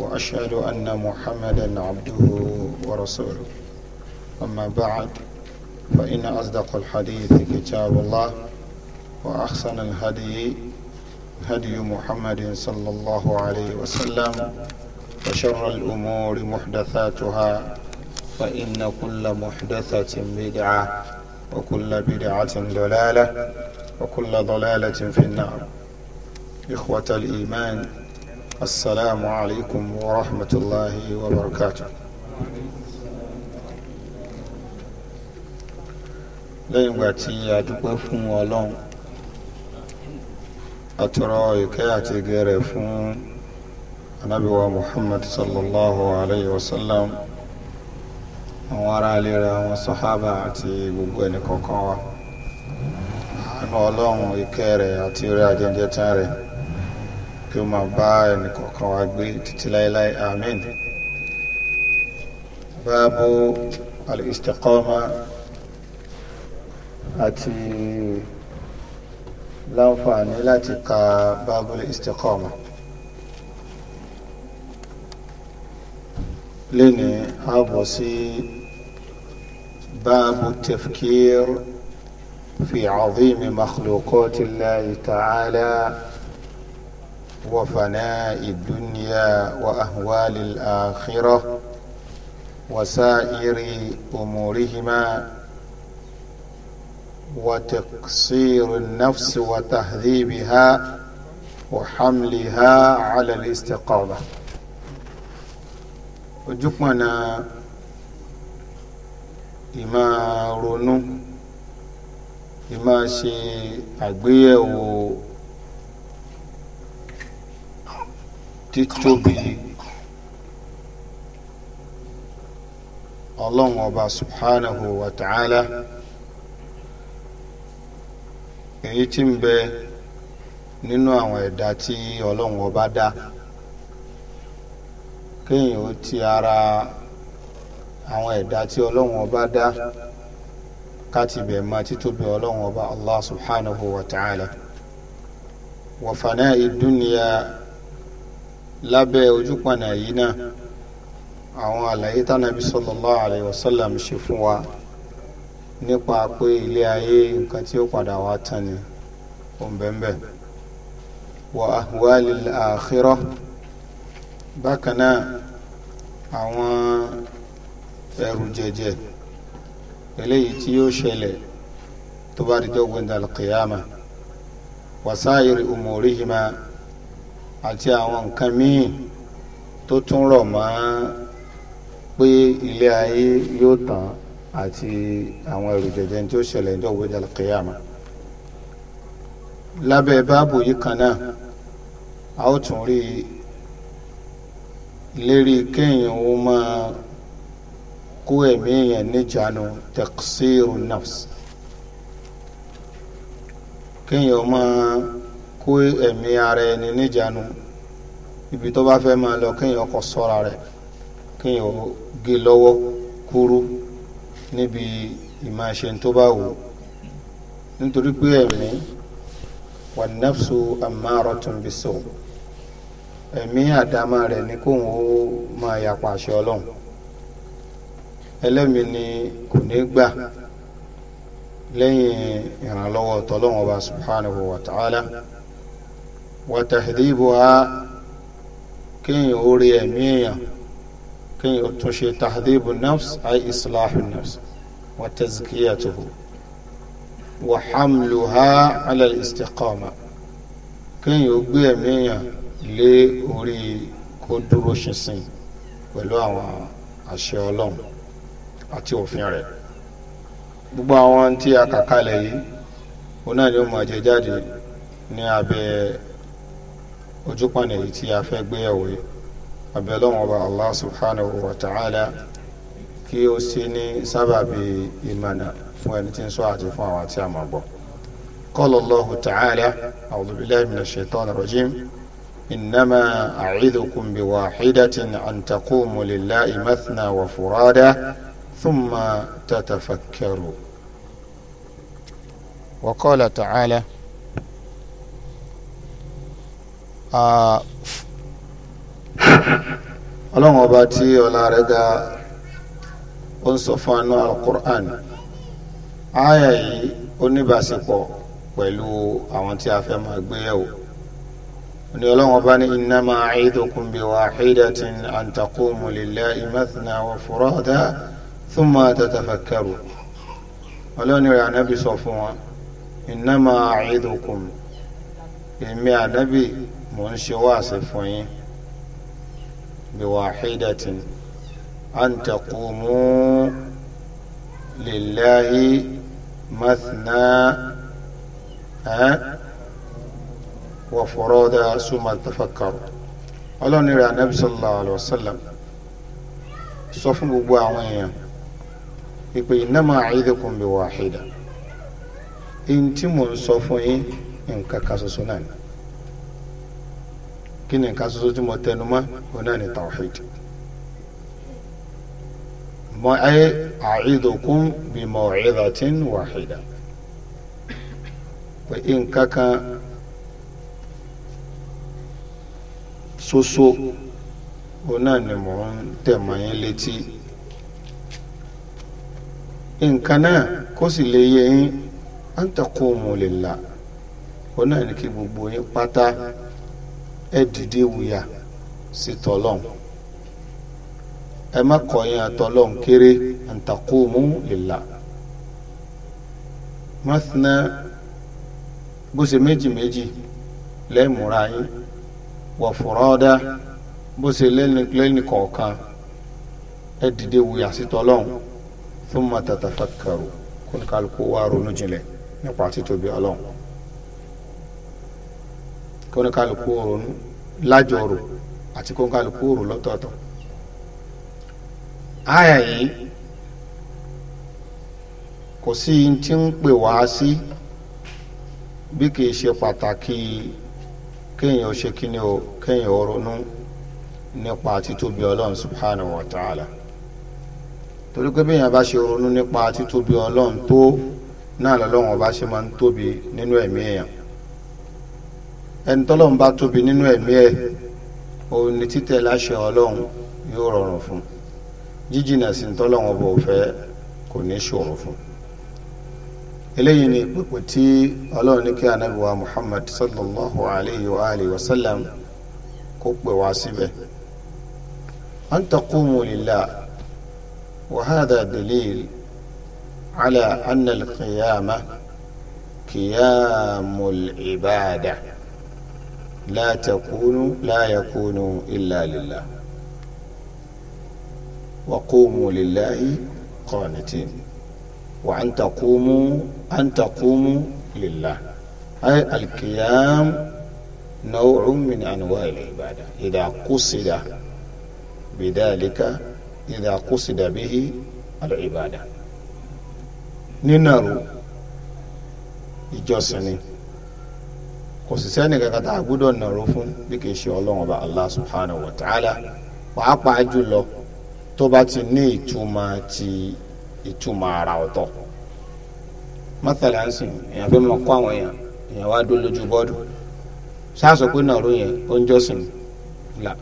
وأشهد أن محمدا عبده ورسوله أما بعد فإن أصدق الحديث كتاب الله وأحسن الهدي هدي محمد صلى الله عليه وسلم وشر الأمور محدثاتها فإن كل محدثة بدعة وكل بدعة ضلالة وكل ضلالة في النار إخوة الإيمان السلام عليكم ورحمة الله وبركاته lẹ́yìn ìgbà tí a dúpẹ́ fún ọlọ́run a tọrọ ìkẹ́ àti ìgẹ́ rẹ̀ fún anábìwa muhammad sallallahu alayhi wa sallam àwọn ará ilé rẹ̀ àwọn sàhábà àti gbogbo ẹni kọ̀ọ̀kan wa àánú ọlọ́run ìkẹ́ rẹ̀ àti orí ajẹ́jẹ́ tán rẹ̀ kí ó máa bá ẹnìkọ̀ọ̀kan wa gbé títí láéláé àmín báàbò al-istiqama àti láǹfààní láti ka báàbò al-istiqama lẹ́ni ààbọ̀ sí báàbò tafkir fi azimi makhluqati Allahi ta'ala. وفناء الدنيا وأهوال الآخرة وسائر أمورهما وتقصير النفس وتهذيبها وحملها على الاستقامة ojúpọ̀nà إما ronú إما ṣe àgbéyẹ̀wò títóbi ọlọ́run ọba subhanahu wa ta'ala èyí tí ń bẹ nínú àwọn ẹ̀dá tí ọlọ́run ọba dá kéèyàn ó ti ara àwọn ẹ̀dá tí ọlọ́run ọba dá káti bẹ̀ ma títóbi ọlọ́run ọba allah subhanahu wa ta'ala wa fana'i dunya. lábẹ́ ojúpọ̀nà yìí náà àwọn àlàyé tánàbí sallallahu alaihi wasallam ṣe fún wa nípa pé ilé ayé nǹkan tí ó padà wá tán ni òǹbẹ̀ǹbẹ̀ wa ahwalil akhirah bákan náà àwọn ẹrù jẹjẹ eléyìí tí yóò ṣẹlẹ̀ tó bá di jọ́gbìn dàlùkìyàmà wasairi umurihima àti àwọn nǹkan míì tó tún rọ̀ mọ́ pé ilé ayé yóò tán àti àwọn ẹrù jẹjẹ tí ó ṣẹlẹ̀ ní ọ̀wọ́jà kẹyàmà lábẹ́ báàbù yìí kan náà a ó tún rí lérí kéèyàn ó máa kó ẹ̀mí èèyàn níjànú taqsirun nafs kéèyàn ó máa. kó ẹ̀mí ara ẹni níjànú ibi tó bá fẹ́ máa lọ kéèyàn kó sọ́ra rẹ̀ kéèyàn gé lọ́wọ́ kúrú níbi ìmáṣe tó bá wù nítorí pé ẹ̀mí wà nafsu ammaratun bisu ẹ̀mí àdámà rẹ̀ ni kóun ó máa yàpọ̀ pàṣẹ ọlọ́run ẹlẹ́mìí ni kò ní gbà lẹ́yìn ìrànlọ́wọ́ tọ́lọ́wọ́n ọba subhanahu wa ta'ala. wàtàhídìbùhá kéèyàn orí ẹ̀mí èèyàn kéèyàn ó tún ṣe tàhídìbù nafs àì islahu nafs wàtàzkiyatuhu wàhámlùhá alal istiqama kéèyàn ó gbé ẹ̀mí èèyàn lé orí kó dúró ṣinṣin pẹ̀lú àwọn àṣẹ ọlọ́run àti òfin rẹ̀ gbogbo àwọn tí a kà kalẹ̀ yìí òun náà ni ó máa jẹ jáde ní abẹ́ ojú pọ̀nà èyí tí a fẹ́ gbéyàwó yìí abẹ́lọ́wọ́n ọba allah subhanahu wa ta'ala kí ó ṣe ní sábàbí ìmọ̀nà fún ẹni tí ń sọ àti fún àwọn tí a máa gbọ́. قال الله تعالى أعوذ بالله من الشيطان الرجيم إنما أعظكم بواحدة أن تقوموا لله مثنى وفرادى ثم تتفكروا وقال تعالى ọlọ́run ọba tí ọlá rẹ̀ ga ó ń sọ fún anú alukur'an àyà yìí ó níbàṣepọ̀ pẹ̀lú àwọn tí a fẹ́ máa gbé yẹ̀wò ni ọlọ́run ọba ní innama a'idukum bi wahidatin an taqumu lillahi mathna wa furada thumma tatafakkaru ọlọ́run rẹ̀ ànábì sọ fún wọn innama a'idukum èmi ànábì mo ń ṣe wáàsí fún yín bí wàhídàtì an taqumu lillahi mathna wa furada suma tafakkaru ọlọ́ni rẹ̀ anabi sallallahu alayhi wa sallam sọ fún gbogbo àwọn èèyàn ìpè innama a'idukum bí wàhídà èyí tí mo ń sọ fún yín nǹkan kan ṣoṣo náà kí ni nǹkan ṣoṣo tí mo tẹnu mọ́ òun náà ni tawhid mo ayé a'idukum bi maw'idatin wahida pé nǹkan kan ṣoṣo òun náà ni mò ń tẹ̀ mọ́ yín létí nǹkan náà kó an taqumu lillah òun náà ni kí gbogbo yín pátá ẹ dìde wùyà sí tọlọ́n ẹ má kọ̀yìn àtọlọ́n kéré àǹtàkùmù lìlà mọ́sánná bó ṣe méjì méjì lẹ́ẹ̀múra yín wọ̀ fúrọ́dá bó ṣe lẹ́ni kọ̀ọ̀kan ẹ dìde wùyà sí tọlọ́n thumma tatafakkaru kó ní kálukú wá kí oníkálukú ronú lájọrò àti kí oníkálukú rò lọ́tọ̀ọ̀tọ̀ àyà yìí kò sí tí ń pè wá sí bí kì í ṣe pàtàkì kéèyàn ó ṣe kíni o kéèyàn ó ronú nípa títóbi ọlọ́run subhanahu wa ta'ala torí pé bí èèyàn bá ṣe ronú nípa títóbi ọlọ́run tó náà lọ́lọ́run ọba ṣe máa ń tóbi nínú ẹ̀mí èèyàn ẹni tọ́lọ́run bá tóbi nínú ẹ̀mí ẹ̀ òun ni títẹ̀ láṣẹ ọlọ́run yóò rọrùn fún jíjìnà sí tọ́lọ́run ọba òfẹ́ kò ní ṣòro fún eléyìí ni pípò tí ọlọ́run ní kí ànábì wa Muhammad sallallahu alayhi wa alihi wa sallam kó pè wá síbẹ̀ an taqumu lillah wa dalil ala anna al-qiyamah qiyamul لا تكون لا يكون إلا لله وقوموا لله قانتين وأن تقوموا أن تقوموا لله أي القيام نوع من أنواع العبادة إذا قصد بذلك إذا قصد به العبادة ننرو ìjọsìn kò sì sẹ́ni kankan tá a gbúdọ̀ nàró fún bí kì í ṣe ọlọ́run ọba allah subhanahu wa ta'ala pàápàá jùlọ tó bá ti ní ìtumọ̀ ti ìtumọ̀ ara ọ̀tọ̀ mọ́tàlá ń sìn èèyàn fẹ́ mọ kó àwọn èèyàn èèyàn wá dó lójú bọ́ọ̀dù sáàsọ pé nàró yẹn ó ń jọ́sìn là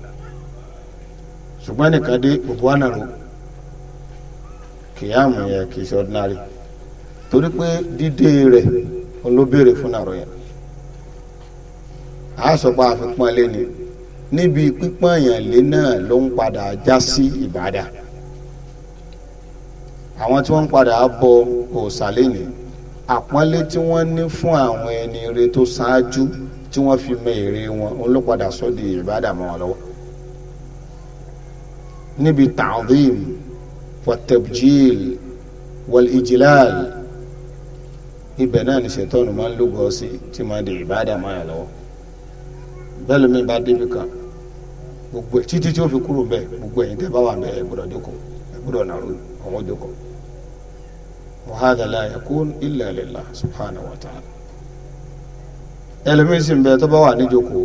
ṣùgbọ́n nìkan dé gbogbo wa nàró kìyàmù yẹn kì í ṣe ordinary torí pé dídé rẹ̀ olóbèrè fún nàró yẹn a sọ pé a fi pọ́n ni níbi pípọ́n èèyàn lé náà ló ń padà já sí ìbádà àwọn tí wọ́n ń padà bọ òòṣà lẹ́ni àpọ́nlé tí wọ́n ní fún àwọn ẹni ire tó ṣáájú tí wọ́n fi mọ èrè wọn òun ló padà sọ di ìbádà mọ́ wọn lọ́wọ́ níbi ta'zim wàtẹ̀bùjìl wàlìjìláàl ibẹ̀ náà ni ṣètọ́nù máa ń lúgọ sí tí máa di ìbádà mọ́ wọn lọ́wọ́ bẹ́ẹ̀ lómi bá débi kan gbogbo títí tí ó fi kúrò bẹ́ẹ̀ gbogbo ẹ̀yin tẹ́ bá wà bẹ́ẹ̀ gbọ́dọ̀ jókòó gbọ́dọ̀ nàró àwọn jókòó wa hadha la yakun illa lillah subhanahu wa ta'ala ẹlòmíín sì ń bẹ tó bá wà ní jókòó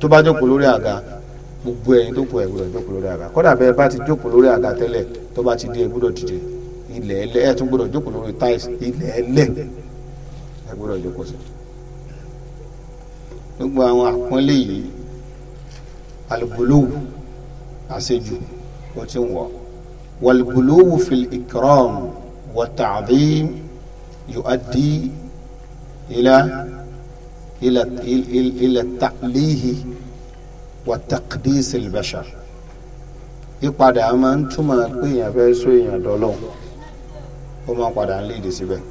tó bá jókòó lórí àga gbogbo ẹ̀yin tó kù ẹ gbọ́dọ̀ jókòó lórí àga kódà bẹ́ẹ̀ bá ti jókòó lórí àga tẹ́lẹ̀ tó bá ti dé gbọ́dọ̀ dìde ilẹ̀ ẹlẹ́ ẹ tún gbọ́dọ̀ jókòó lórí táìsì ilẹ̀ ẹlẹ́ ẹ gbọ́dọ̀ jókòó sí i gbogbo àwọn àpọ́nlé yìí alùbùlówù àṣejù ó ti ń wọ̀ wàlùbùlówù fil ikram wa ta'dhim yu'addi ila ila ila ta'lihi wa taqdis al-bashar ìpadà máa ń túmọ̀ pé èèyàn fẹ́ sọ èèyàn dọ́lọ́ ó máa padà ń léde síbẹ̀.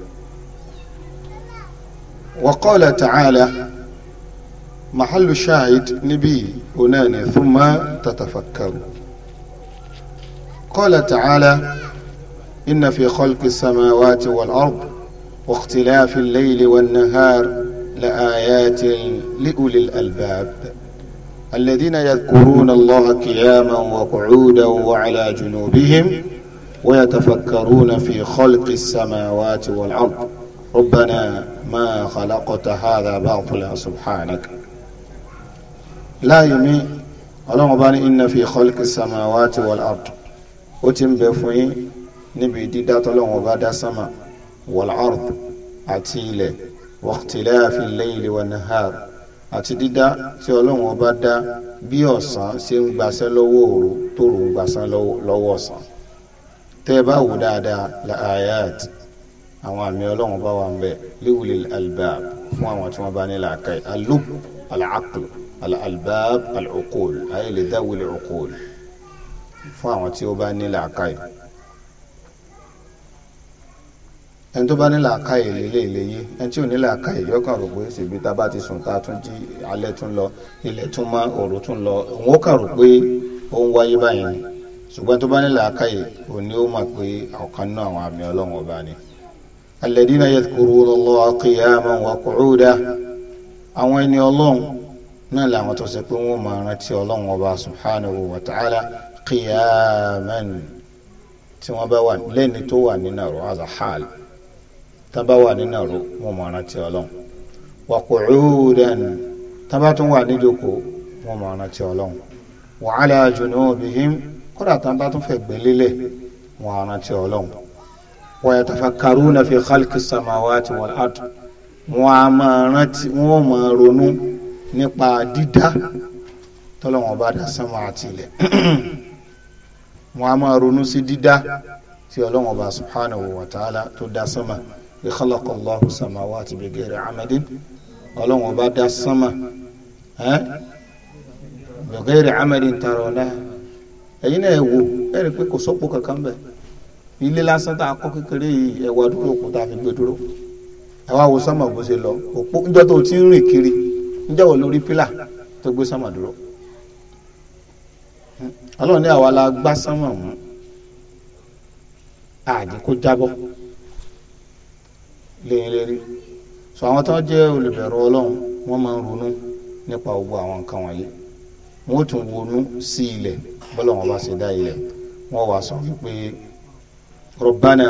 wa qala ta'ala. محل الشاهد نبي هنا ثم تتفكر قال تعالى إن في خلق السماوات والأرض واختلاف الليل والنهار لآيات لأولي الألباب الذين يذكرون الله قياما وقعودا وعلى جنوبهم ويتفكرون في خلق السماوات والأرض ربنا ما خلقت هذا باطلا سبحانك láàyè mi ọlọ́run bá ní inna fi khalqi samawati wal ard ó ti ń bẹ fún yín níbi dídá tọ́lọ́run bá dá sama wal ard àti ilẹ̀ wa ikhtilafi al-layli wan nahar àti dídá tí ọlọ́run ọba dá bí ọ̀sán ṣe ń gbaṣẹ́ lọ́wọ́ òru tó rò ń gbaṣẹ́ lọ́wọ́ ọ̀sán tẹ́ ẹ bá wò dáadáa la ayat àwọn àmì ọlọ́run bá wà ń bẹ liwulil albab fún àwọn tí wọ́n bá ní làákàyè alub alaqlu الألباب العقول al-uqul ayé lè dáwé lè uqul fún àwọn tí ó bá ní làákàyè ẹni tó bá ní làákàyè lélẹ̀ ìléyé ẹni tí ò ní làákàyè yọkàn rò pé ṣèbí tá a bá ti sùn tá a tún jí alẹ́ tún lọ ilẹ̀ tún mọ́ òru tún lọ òun ó kàn rò pé ó ń wáyé báyìí ni ṣùgbọ́n tó bá ní làákàyè òní ó mọ̀ pé ọ̀kan náà àwọn àmì ọlọ́run ọba ni. alladhina yadhkuruna Allaha qiyaman wa qu'udan àwọn ẹni ọlọ́run náà làwọn tó ṣe pé wọ́n máa rántí ọlọ́run ọba subhanahu wa ta'ala qiyaman tí wọ́n bá wà lẹ́ni tó wà nínú àrò azahal tá bá wà nínú àrò wọ́n máa rántí ọlọ́run wa qu'udan tá bá wà níjókòó wọ́n máa rántí ọlọ́run wa ala junubihim kódà tá bá tún fẹ́ gbẹ́lélẹ̀ wọ́n á rántí ọlọ́run wa yatafakkaruna fi khalqis samawati wal ard wọ́n á máa rántí wọ́n máa ronú nípa dídá tọ́lọ́wọ́n bá dá sánmọ̀ àti ilẹ̀ wọn a máa ronú sí dídá tí ọlọ́wọ́n bá subhanahu wa ta'ala tó dá sánmọ̀ khalaqa Allahu samawati bi ghairi amadin ọlọ́wọ́n bá dá sánmọ̀ bi ghairi amadin tarawna ẹ̀yin náà ẹ̀ wò ẹ̀ rí i pé kò sọ́pọ̀ kankan bẹ̀ ilé lásán tá a kọ́ kékeré yìí ẹ̀wà dúró kò tá a fi gbé dúró ẹ̀wà wo sánmọ̀ bó ṣe lọ òpó ń ǹjẹ́ wọ́n lórí pílà tó gbé sánmà dúró hm? ọlọ́run ní àwa la gbá sánmà mú àjẹ kó jábọ́ lẹ́yìn lérí àwọn tó jẹ́ olùbẹ̀rù ọlọ́run wọ́n máa ń ronú nípa gbogbo àwọn nǹkan wọ̀nyí wọ́n tún wọnú sí ilẹ̀ bọ́lá wọn bá ṣe dá ilẹ̀ wọ́n wàá sọ wípé rọ̀bánà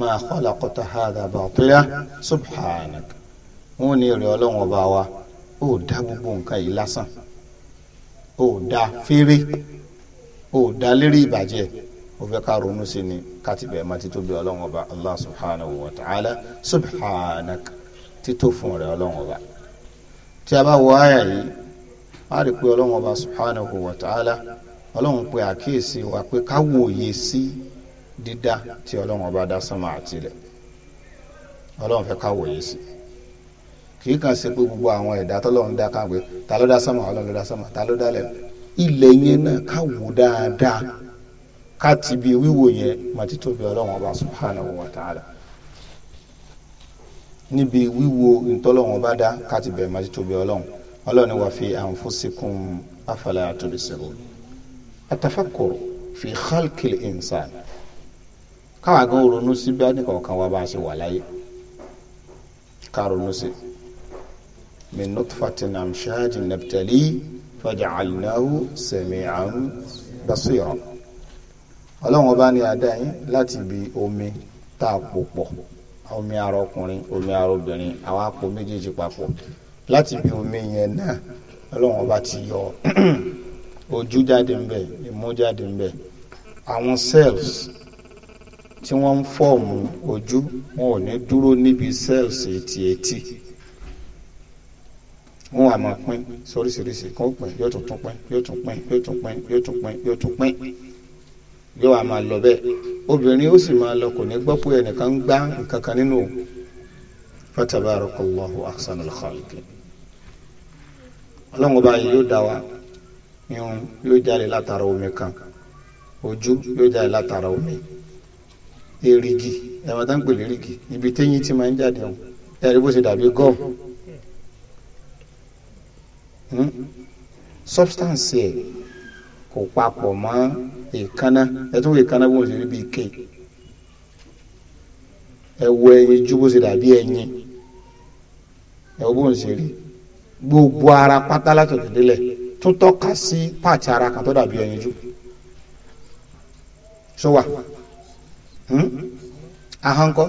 máa khalaqta hadha batila subhanak wọ́n ní èrè ọlọ́run ọba wa ó da gbogbo nǹkan yìí lásán ó dá fèrè ó dá lérí ìbàjẹ́ ó fẹ́ ká ronú sí ni káti bẹ̀rẹ̀ máa títóbi ọlọ́run ọba allah subhanahu wa ta'ala subhanak tító fún rẹ̀ ọlọ́run ọba tí a bá wọ àyà yìí a rí pé ọlọ́run ọba subhanahu wa ta'ala ọlọ́run pé àkíyèsí wa pé ká wòye sí dídá tí ọlọ́run ọba dá sánmà àtilẹ̀ ọlọ́run fẹ́ ká wòye sí i kìí kàn ṣe pé gbogbo àwọn ẹ̀dá tọ́lọ́run dá kan pé ta ló dá sánmà ọlọ́run ló dá sánmà ta ló dálẹ̀ ilẹ̀ yẹn náà ká wò dáadáa ká ti bi wíwò yẹn màtí tóbi ọlọ́run ọba subhanahu wa ta'ala níbi wíwò ntọ́lọ́run ọba dá ká ti bẹ̀rẹ̀ màtí tóbi ọlọ́run ọlọ́run ni wà fi anfusikum afala tubsirun atafakur fi khalqil insan káwọn àgọ́ ronú sí bí a ní kọ̀ọ̀kan bá a ṣe wà láyé ká ronú sí i. من نطفة أمشاج نبتلي فجعلناه سميعا بصيرا ọlọ́run ọba ni àdá yín láti ibi omi tá a pò pọ̀ omi ara ọkùnrin omi ara obìnrin àwa pò méjèèjì papọ̀ láti ibi omi yẹn náà ọlọ́run ọba ti yọ ojú jáde ńbẹ imú jáde ńbẹ àwọn cells tí wọ́n ń fọ́ọ̀mù ojú wọn ò ní dúró níbi cells etí etí wọn wà máa pín sóríṣiríṣi kan ó pín yóò tún tún pín yóò tún pín yóò tún pín yóò tún pín yóò tún pín yóò wà máa lọ bẹ́ẹ̀ obìnrin ó sì máa lọ kò ní gbọ́ pé ẹnìkan ń gbá nǹkan kan nínú o fatabarakallahu ahsanul khaliqin ọlọ́run ọba yìí yóò dá wa irun yóò jáde látara omi kan ojú yóò jáde látara omi erigi ẹ̀rọ tá ń pè lérigi ibi téyín ti máa ń jáde ọ̀hún ẹ̀rí bó ṣe dàbí gọ́ọ̀. Hmm? substance ẹ̀ kò papọ̀ mọ́ èékánná ẹ tún wọ èékánná bó ṣe rí bíi ké ẹ wọ ẹyin ju bó ṣe dàbí ẹyin ẹ wọ bó ṣe rí gbogbo ara pátá látọ̀tọ̀ délẹ̀ tó tọ́ka sí pàtì ara kan tó dàbí ẹyin ju sọwà hmm? ahankọ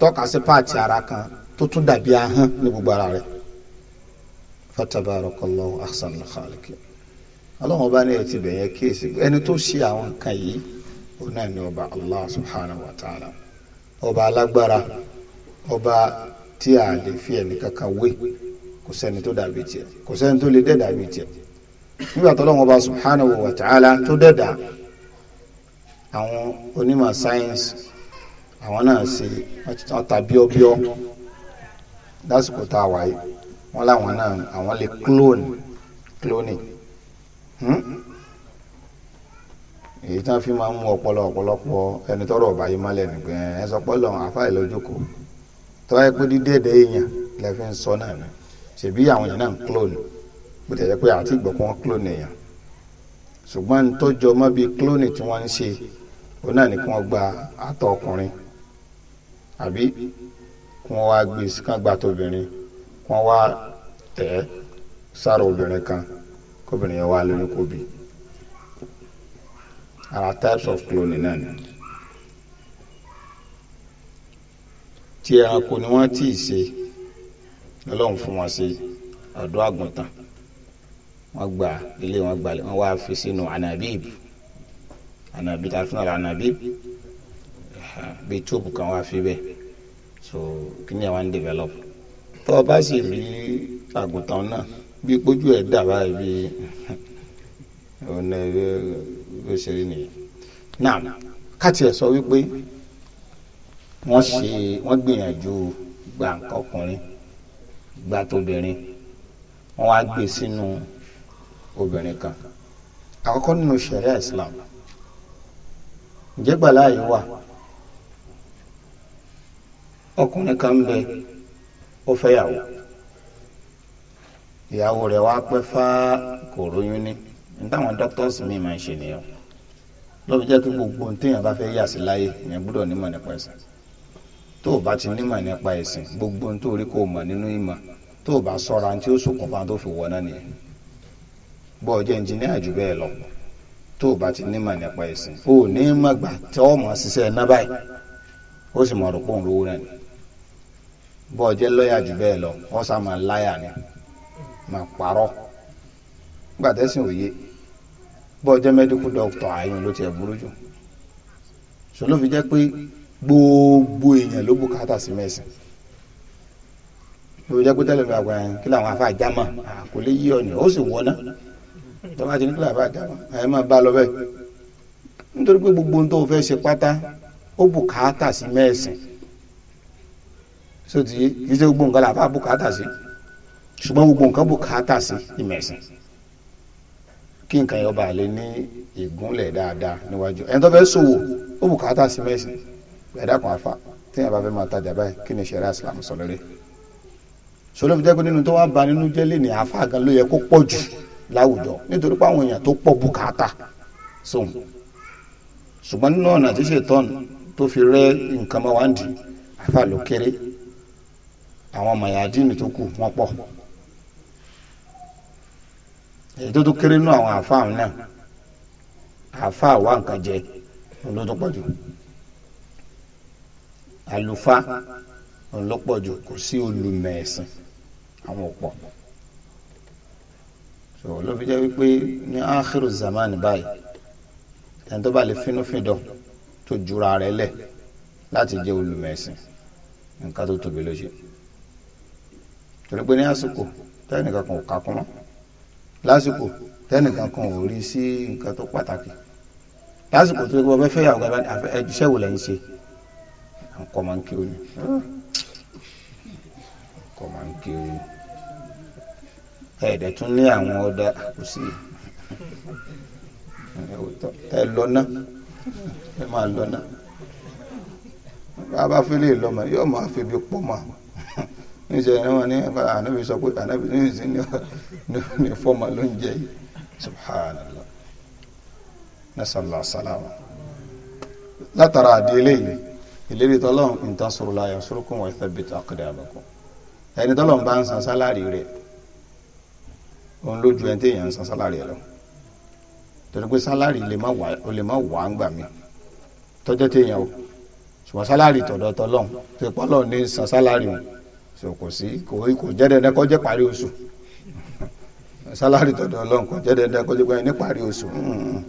tọ́ka sí pàtì ara kan tó tún dàbí ahọ́n ní gbogbo ara rẹ̀ fatabarakallahu ahsanul khaliqin ọlọ́run ọba ní ẹtì bẹ̀yẹ kéèsì ẹni tó ṣe àwọn nǹkan yìí ó náà ní ọba allah subhanahu wa ta'ala ọba alágbára ọba tí a lè fi ẹnì kankan wé kò sẹ́ni tó dàbí tiẹ̀ kò sẹ́ni tó lè dẹ́ dàbí tiẹ̀ nígbà tó ọlọ́run ọba subhanahu wa ta'ala tó dẹ́dà àwọn onímọ̀ sáyẹ́nsì àwọn náà ṣe wọ́n lásìkò tá a wáyé wọn làwọn náà àwọn lè clone cloning hmm? èyí tí wọn fi máa ń mú ọpọlọ ọ̀pọ̀lọpọ̀ ẹni tọrọ ọba yìí mọ́lẹ̀ nìgbẹ ẹ sọ pọlọ àfáà ìlójúkọ tọ́ ẹ pé dídé èdè èèyàn lẹ fi ń sọ náà ṣèbí àwọn èèyàn náà ń clone bó tẹ̀ jẹ́ pé àti ìgbọ̀ kí wọ́n clone èèyàn ṣùgbọ́n tọ́jú ọmọ bíi clone tí wọ́n ń ṣe òun náà ni kí wọ́n gba àtọ̀ ọkùnrin àbí kí wọ́n wá gbé sí kán gba tóbìnrin wọ́n wá tẹ̀ sára obìnrin kan kóbìnrin yẹn wá lóyún kó bí types of cloning náà ni tí ẹranko ni wọ́n ti ṣe lọ́lọ́run fún wọn ṣe ọ̀dọ́ àgùntàn wọ́n gba ilé wọn gbalẹ̀ wọ́n wá fi sínú anabib anabib àfihàn anabib bíi túbù kan wá fi bẹ́ẹ̀ so kí ni àwọn ń develop tó o bá sì rí àgùntàn náà bí pójú ẹ̀ dà báyìí bí ọ̀nà ló ṣe rí nìyẹn. náà káti ẹ̀ sọ wípé wọ́n ṣe wọ́n gbìyànjú gba nǹkan ọkùnrin gba tóbìnrin wọ́n wá gbé sínú obìnrin kan àkọ́kọ́ nínú ṣẹ̀ríà Islam ǹjẹ́ gbàláàyè wà ọkùnrin kan ń bẹ. ó fẹ́ yàwó ìyàwó rẹ̀ wá pẹ́ kò róyún ní ní doctors mi ṣe gbogbo ohun bá fẹ́ yà láyé èèyàn gbọ́dọ̀ nípa ẹ̀sìn tó o bá ti nímọ̀ nípa ẹ̀sìn gbogbo ohun tó rí nínú tó o bá sọ̀ra tí ó ṣokùnfà tó fi wọ̀ náà nìyẹn bọ́ ọ jù lọ wọ́n sá máa láyà ni máa parọ́ gbàtẹ́sìn òye bọ́ mẹ́díkù dọ́kítọ̀ ló tiẹ̀ burú jù sọlọ́ fi jẹ́ pé gbogbo èèyàn ló bùkátà sí mẹ́sìn ló pé mi àgbà yẹn kí làwọn afa kò lè yí ó sì ti ní kí làwọn afa máa bá lọ bẹ́ẹ̀ nítorí so ti kì í ṣe gbogbo nǹkan làbá bùkátà sí ṣùgbọ́n gbogbo nǹkan bùkátà sí ìmẹ̀sìn kí nǹkan yẹn ọba àlè ní ìgúnlẹ̀ dáadáa níwájú ẹni tó fẹ́ ṣòwò ó bùkátà sí mẹ́sìn ẹ̀dá kan àfa téèyàn bá fẹ́ máa tajà báyìí kí ni ṣẹ̀rẹ́ àsìlámù sọ lórí ṣòro fi jẹ́ pé nínú tó wá ba nínú jẹ́lé ní àfa gan ló yẹ kó pọ̀ jù láwùjọ nítorí pé àwọn èèyàn tó pọ̀ bùkátà sóhun ṣùgbọ́n nínú ọ̀nà tí ṣètọ́n tó fi rẹ́ nǹkan mọ́ wá ń dì àfa ló kéré àwọn mayadini tó kù wọ́n pọ̀ èyí tó tó kéré nínú àwọn àfáà náà àfáà wà nǹkan jẹ òun ló tó pọ̀ jù ló pọ̀ kò sí olùmẹ̀ẹ̀sìn àwọn ò pọ̀ so ló fi jẹ́ wípé ní áńkírù zamani báyìí ẹni tó bá lè fínúfíndọ̀ tó jura rẹ̀ lẹ̀ láti jẹ́ olùmẹ̀ẹ̀sìn nǹkan tó tóbi ló ṣe torí pé ní àsìkò tẹ́nìkan kan ò kakún mọ́ lásìkò tẹ́nìkan kan ò rí sí nǹkan tó pàtàkì lásìkò tó yẹ kó wọ́n fẹ́ fẹ́ yàwó gbàgbà ẹ̀jíṣẹ́ wò lẹ́yìn ṣe nǹkan máa ń kí o ní nǹkan máa ń kí o ní ẹ̀ẹ́dẹ̀ tún ní àwọn ọ̀dà kò sí ẹ lọ ẹ máa lọ bàbá fi lè yóò máa fi pọ́ mọ́ àwọn níṣẹ́ ni wọ́n ní ànábì sọ pé ànábì ní ìsìn ní fọ́ọ̀mà ló ń jẹ́ yìí subhanallah nasalla salama látara àdílé yìí ìlérí tọ́lọ́run in tansurullah yansurkum wa yuthabbit aqdamakum ẹni tọ́lọ́run bá ń san sálárì rẹ̀ òun ló ju ẹni tí èèyàn ń san sálárì ẹ̀ lọ torí pé sálárì lè má wà á ń gbà mí tọ́jọ́ tí èèyàn o ṣùgbọ́n sálárì tọ̀dọ̀ tọ́lọ́run tó pọ́lọ́ ní san sálárì òun so kò sí kò kò jẹ́ dandan kó jẹ́ parí oṣù sálárì tọ̀dọ̀ ọlọ́run kò jẹ́ dandan kó jẹ́ pé ní parí oṣù hmm.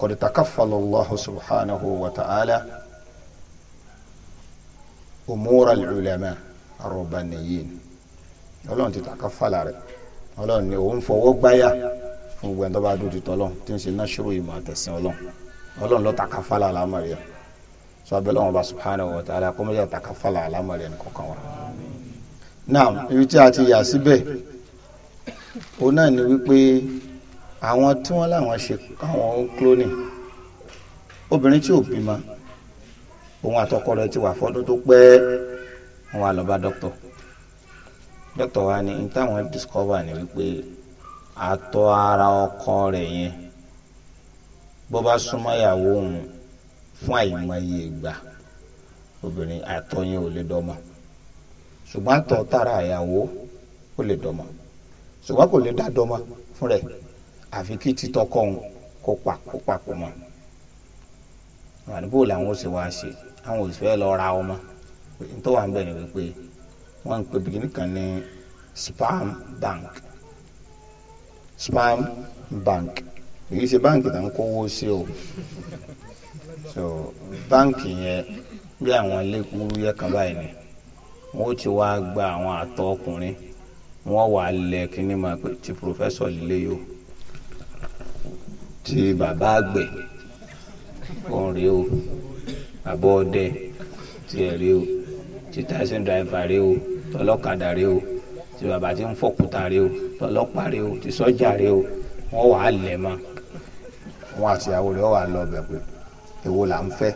qad takaffala Allahu subhanahu wa ta'ala umura al-ulama ar ọlọ́run ti takaffala rẹ̀ ọlọ́run ni òun fọwọ́ gbáyà fún gbẹ̀ndọ́ba dúdú tọ́lọ́run tí ń ṣe náṣúrò ìmọ̀ àtẹ̀sìn ọlọ́run ọlọ́run ló takaffala làmọ̀ rẹ̀ sọ abẹ́lẹ́ wọn bá subhanahu wa ta'ala kó mẹ́jọ ta ká fàlà àlámọ̀rí ẹni kọ̀ọ̀kan wa. náà ibi tí a ti yà síbẹ̀ òun náà ni wípé àwọn tí wọ́n láwọn ṣe àwọn cloning obìnrin tí ò bímọ òun àtọkọ rẹ̀ ti wà fọdún tó pẹ́ wọn wà lọ bá dókítà wa ni n táwọn discover ni wípé àtọ̀ ara ọkọ rẹ̀ yẹn bó bá súnmọ́ ìyàwó òun fún àìmọye ìgbà obìnrin àtọyìn ò lè dọmọ ṣùgbọ́n tara ayawo ó lè dọmọ ṣùgbọ́n kò lè dá dọmọ fún rẹ̀ àfi kí títọ́kọ̀ òun kó mọ́ àdúgbò ra ọmọ wà ń wípé wọ́n ń pe bìkínì kan ní spam bank. èyí ṣe báǹkì tó ń kówó sí o so báǹkì yẹn bí àwọn ilé kúrú yẹ kan báyìí ni wọn ó ti wá gba àwọn àtọ ọkùnrin wọn wà lẹ kíní máa pè ti pòfẹsọ lílé yìí o ti bàbá àgbẹ̀ òun rèé o bàbá ọdẹ tiẹ̀ rèé o ti taxi driver rèé o tọlọ́kadà rèé o tí bàbá ti ń fọkúta rèé o tọlọ́pàá rèé o tí sọ́jà rèé o wọ́n wà á lẹ̀ mọ́ wọn àti ìyàwó rẹ̀ wà lọ bẹ̀ pé èwo là ń fẹ́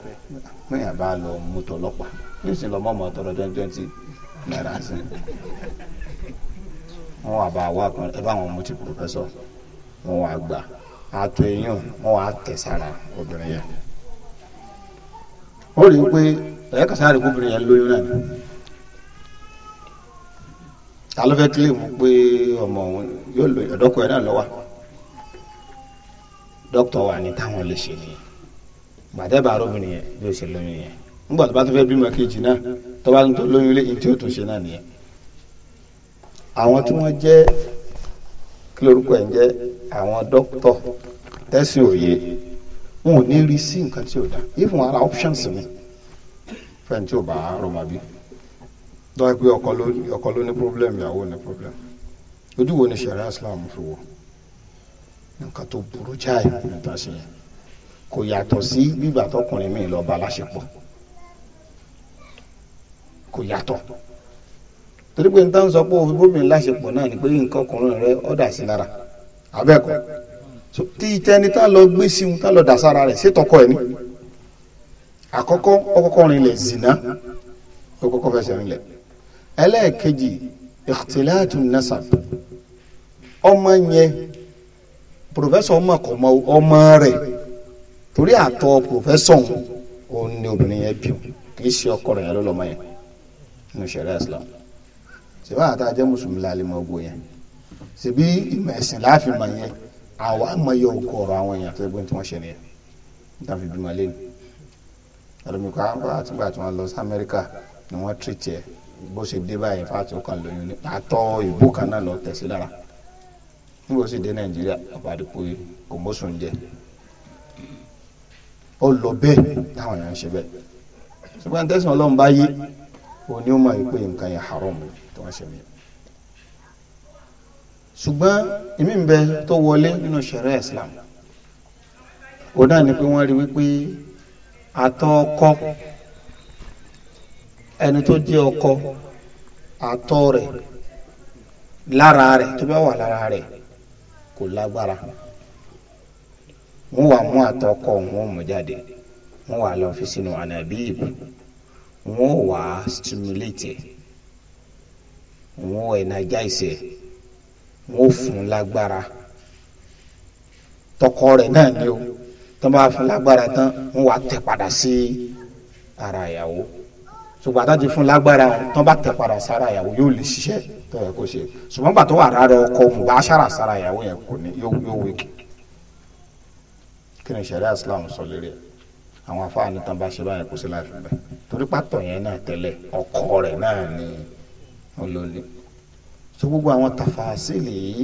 mẹ́yìn bá lọ mọ́tò ọlọ́pàá yóò sì lọ mọ́mọ́ tọrọ twenty twenty naira sí i wọn wà bá wà kan ẹ bá wọn mú ti pòfẹ́sọ̀ wọn wà gbà àtọ èèyàn wọn wà obìnrin yẹn ó rí i pé ta ló fẹ́ pé ọmọ òun yóò ọ̀dọ́kọ̀ náà lọ́wọ́. dókítà wa ní táwọn lè ṣe nìyẹn gbàtẹ́ bá rómi nìyẹn bí ó ṣe lóyún yẹn nígbà tó bá tún fẹ́ bímọ kejì náà tó bá tún tó lóyún lé ìtí ó tún ṣe náà nìyẹn. àwọn tí wọ́n jẹ́ kí lorúkọ ẹ̀ ń àwọn dókítà tẹ́sí òye wọn ò ní rí sí nǹkan tí ò dá even ara options mi fẹ́ni tí ò bá rọmọ bí dọ́wọ́ pé ọkọ ló ní problem ìyàwó ní problem ojú wo ni sẹ̀rẹ́ Islam fi wò nǹkan tó burú jáì nǹkan ṣe yẹn kò yàtọ̀ sí gbígbà tọkùnrin mi lọ bá láṣepọ̀ kò yàtọ̀ torí pé n tán sọ pé òfin bóbìnrin láṣepọ̀ náà ni pé nǹkan ọkùnrin rẹ ó dà sí lára abẹ́ẹ̀kọ́ tí tẹni tá lọ gbé síun tá lọ dà sára rẹ̀ sétọkọ ẹ̀ ni àkọ́kọ́ ọkọ́kọ́ rinlẹ̀ zina ọkọ́kọ́ fẹsẹ̀ rinlẹ̀ ẹlẹ́ẹ̀kejì ìkìtìláàtù nasab ọmọ yẹn Professor, ọmọ kò mọ ọmọ rẹ̀ torí àtọ̀ professor, òun ni obìnrin yẹn bí o kì í ṣe ọkọ rẹ̀ yẹn ló lọ́mọ yẹn nínú sẹ̀rẹ̀ Islam ṣèbá àtàjẹ́ mùsùlùmí lálẹ́ mọ́ ogun yẹn ṣèbí ìmọ̀ ẹ̀sìn láàfin mọ̀ yẹn àwa mọ̀ yẹ òkú ọ̀rọ̀ àwọn èèyàn tó gbé tí wọ́n ṣe nìyẹn níta fi bímọ lẹ́nu ẹlòmíkọ àwọn àtúgbà tí wọ́n lọ sí Amẹ́ríkà ni wọ́n tìrìtì ẹ̀ bó ṣe dé báyìí fáti ó kàn lóyún àtọ̀ ìbú kan náà lọ tẹ̀sí lára nígbà sì dé nàìjíríà àbádé pé kò mọ́sùn jẹ ó lọ bẹ́ẹ̀ táwọn èèyàn ṣe bẹ́ẹ̀ ṣùgbọ́n tẹ̀sán ọlọ́run bá yí òun ni ó máa ń pè nǹkan yẹn haram tó wọ́n ṣe mí. ṣùgbọ́n èmi ń bẹ tó wọlé nínú ṣẹ̀rẹ́ islam òun náà ni pé wọ́n rí wípé àtọkọ ẹni tó jẹ́ ọkọ àtọ rẹ̀ lára rẹ̀ tó bá wà lára rẹ̀ kò lágbára wọn wà mú àtọkọ wọn mú jáde wọn wà lọ fi sínú anabib wọn wà stimulate wọn energize wọn fún lágbára tọkọ rẹ náà ni o tó bá fún lágbára tán wọn wà tẹ padà sí ara ìyàwó ṣùgbọ́n àtàjì fún lágbára tó bá tẹ padà sí ara ìyàwó yóò lè ṣiṣẹ́ tó yẹ kó ṣe ṣùgbọ́n gbà tó wà rárá ọkọ mùbá aṣára sára ìyàwó yẹn kò ní yóò wíkì kí ni ṣẹ̀ríà Islam sọ lérí ẹ̀ àwọn afáàní tán bá ṣe báyẹn kò sí láàfin bẹ́ẹ̀ torí pátọ̀ yẹn náà tẹ́lẹ̀ ọkọ rẹ̀ náà ni olóni so gbogbo àwọn tàfàṣìlì yìí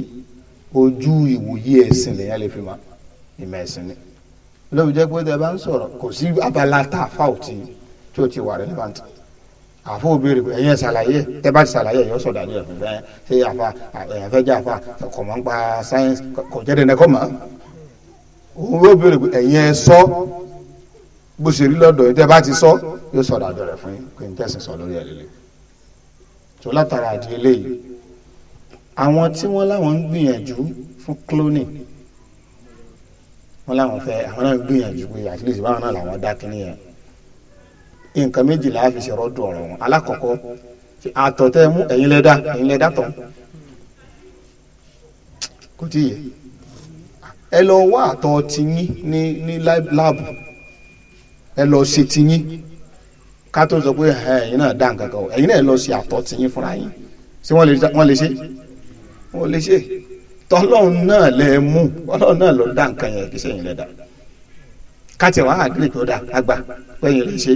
ojú ìwòye ẹ̀sìn lèyàn lè fi mọ ìmọ̀ ẹ̀sìn ni lóbi jẹ́ pé tẹ́ bá ń sọ̀rọ̀ kò sí abala tá a fáwọ̀ tí tí ó ti wà relevant àfọ òbèrè ẹ̀yin ṣàlàyé ẹ bá ti ṣàlàyé ẹ̀yọ́ sọ̀dà ní ẹ̀fẹ̀ fẹ́ ṣe àfa ẹ̀fẹ́jẹ́ àfa kọ̀mọ́ ń pa sáyẹ́nsì kò jẹ́ dẹ́nẹ́ kọ́mọ́ òun yóò béèrè pé ẹ̀yin ẹ sọ bó ṣe rí lọ́dọ̀ yìí tẹ́ bá ti sọ yóò sọ̀dà àjọ rẹ̀ fún yín pé n tẹ̀sán sọ lórí ẹ̀lẹ́lẹ́ tó látara àdí eléyìí àwọn tí wọ́n láwọn ń gbìyànjú fún cloning wọ́n láwọn fẹ́ àwọn náà ń gbìyànjú pé at least báwọn náà làwọn dá kínní yẹn nǹkan méjì la fi ṣèrọ dùn ọ̀rọ̀ wọn alákọ̀ọ́kọ́ àtọ̀tẹ́ mú ẹ̀yin lẹ́dá ẹ̀yin lẹ́dá tọ̀ kò tí yẹ ẹ lọ wá àtọ̀ tiyín ní ní láàbù ẹ lọ ṣe tiyín ká tó sọ pé ẹ̀yin náà dá nǹkan kan o ẹ̀yin náà lọ ṣe àtọ̀ tiyín fúnra yín ṣé wọ́n lè wọ́n lè ṣe wọ́n lè ṣe tọ́lọ́run náà lẹ mú ọlọ́run náà lọ dá nǹkan yẹn kí sẹ́yìn lẹ́dá ká tẹ̀ wá àdúrà tó dá àgbà pẹ́yìn lè ṣe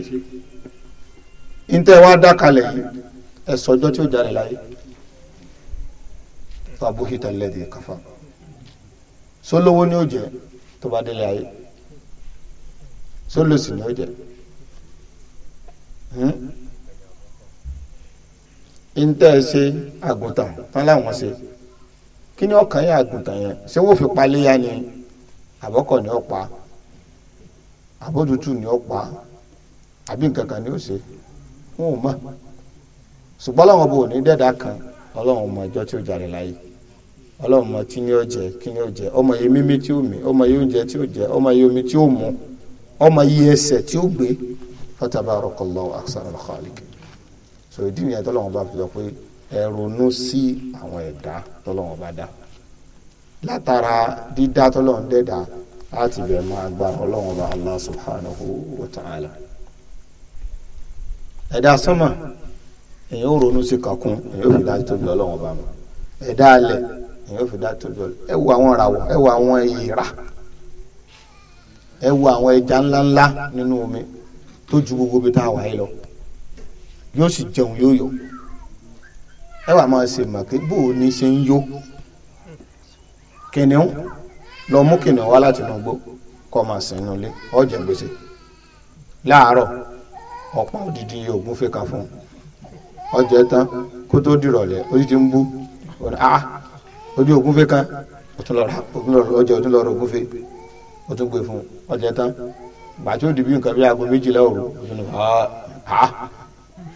ntẹ́ wá dákalẹ̀ ẹ sọjọ́ tí ó jáde láyé fàbúhì tẹ̀lẹ́dì káfà sólówó ni ó jẹ tó bá délé ayé sólòsì ni ó jẹ hmm? ntẹ́ ṣe àgùntàn tán láwọn ṣe kí ni ọkàn yẹn àgùntàn yẹn ṣé wọ́n fi palẹ́ yá ni àbọ̀kọ̀ ni ó pa àbọ̀dútù ni ó pa àbí nǹkan ni ó ṣe wọn ò mọ̀ ṣùgbọ́n ọlọ́run bò ní dẹ́dà kan ọlọ́run mọ ọjọ́ tí ó jáde láyé ọlọ́run mọ kí ni ó jẹ kí ni ó jẹ ọmọ yìí mímí tí ó mí ọmọ yìí oúnjẹ tí ó jẹ ọmọ yìí omi tí ó mu ọmọ yìí ẹsẹ̀ tí ó gbé fatabarakallahu ahsanul khaliqin so ìdí nìyẹn tọ́lọ́run bá fi sọ pé ẹ sí àwọn ẹ̀dá tọ́lọ́run bá dá látara dídá tọ́lọ́run dẹ́dá láti bẹ̀rẹ̀ máa gbára ọlọ́run bá Allah subhanahu wa ta'ala ẹ̀dá sánmà èyàn ò ronú sí kankun èyàn ò fi dá tóbi ọlọ́run ọba mọ́ ẹ̀dá alẹ̀ èyàn ò fi dá tóbi ọlọ́run ẹ wo àwọn ìràwọ̀ ẹ wo àwọn ìyìrà ẹ wo àwọn ẹja ńláńlá nínú omi tó ju gbogbo bí tá a wà yìí lọ yóò sì jẹun yóò yọ ẹ wà máa ṣe màkì bó o ní ṣe ń yó kìnìún lọ mú kìnìún wá láti inú kọ́ máa sìn inú ọ̀jẹ̀ gbèsè láàárọ̀ ọ̀pá òdìdí ògúnfe kan fún un ọjọ́ ẹ tán kó tó dìrọ̀lẹ́ ó sì ti ń bú ah ojú ògúnfe kan ọjọ́ ọdún lọ́rọ̀ ògúnfe ó tún gbé fún un ọjọ́ ẹ tán gbàtí ó dìbí nǹkan bí aago méjìlá òru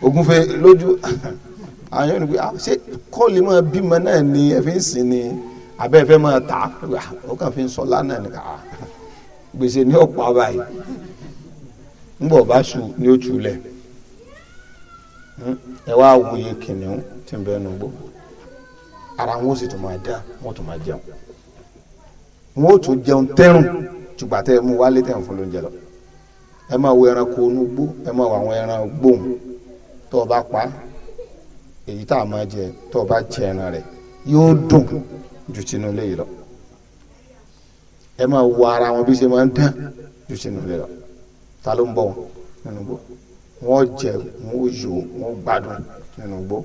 ògúnfe lójú àwọn yóò ní pé ah, ṣé kọ́ọ̀lì máa bímọ náà ni ẹ fi ń sìn ni abẹ́ ẹ fẹ́ máa tà ó kàn fi ń sọ lánàá nìkan ah, gbèsè ní ọ̀pọ̀ àbáyé nbọ̀ bá ni ní ó túlẹ̀ ẹ wá wòye kìnìún tí ń bẹ nù gbó ara wọn ó sì tún máa dá wọn tún máa jẹun wọn ó tún jẹun tẹrùn tùgbà tẹ mú wálé tẹ̀ ń fún lóúnjẹ lọ ẹ máa wo ẹranko onúgbó ẹ wo àwọn ẹran gbóhùn tó o pa èyí tá a máa jẹ tó o bá jẹ yóò dùn ju tinú léyìí lọ ẹ máa wo ara wọn bí ṣe máa dán ju tinú léyìí lọ ta ló ń bọ̀ wọn nínú gbó wọn jẹ wọn yò wọn gbádùn nínú gbó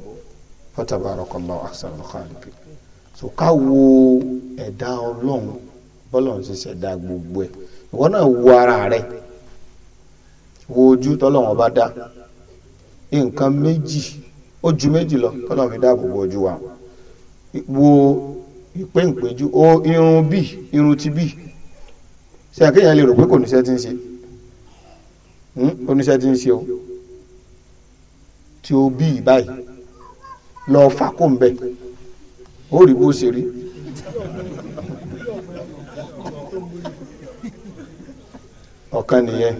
wa tabarakallahu ahsanul khaliqin so ká wo ẹ̀dá ọlọ́run bọ́lọ́run ṣe ṣẹ̀dá gbogbo ẹ̀ ìwọ náà wo ara rẹ wo ojú tọ́lọ́wọ́n bá dá nǹkan méjì ojú méjì lọ tọ́lọ́wọ́n fi dáàbò bo ojú wa wo ìpéǹpéjú o irun bí irun ti bí ṣe àkéyàn lè rò pé kò ní sẹ́ ti ń ṣe Hmm? oníṣẹ́ ti ń ṣe o tí o bí báyìí lọ fà kó ń bẹ ó rí bó ṣe rí. ọ̀kan nìyẹn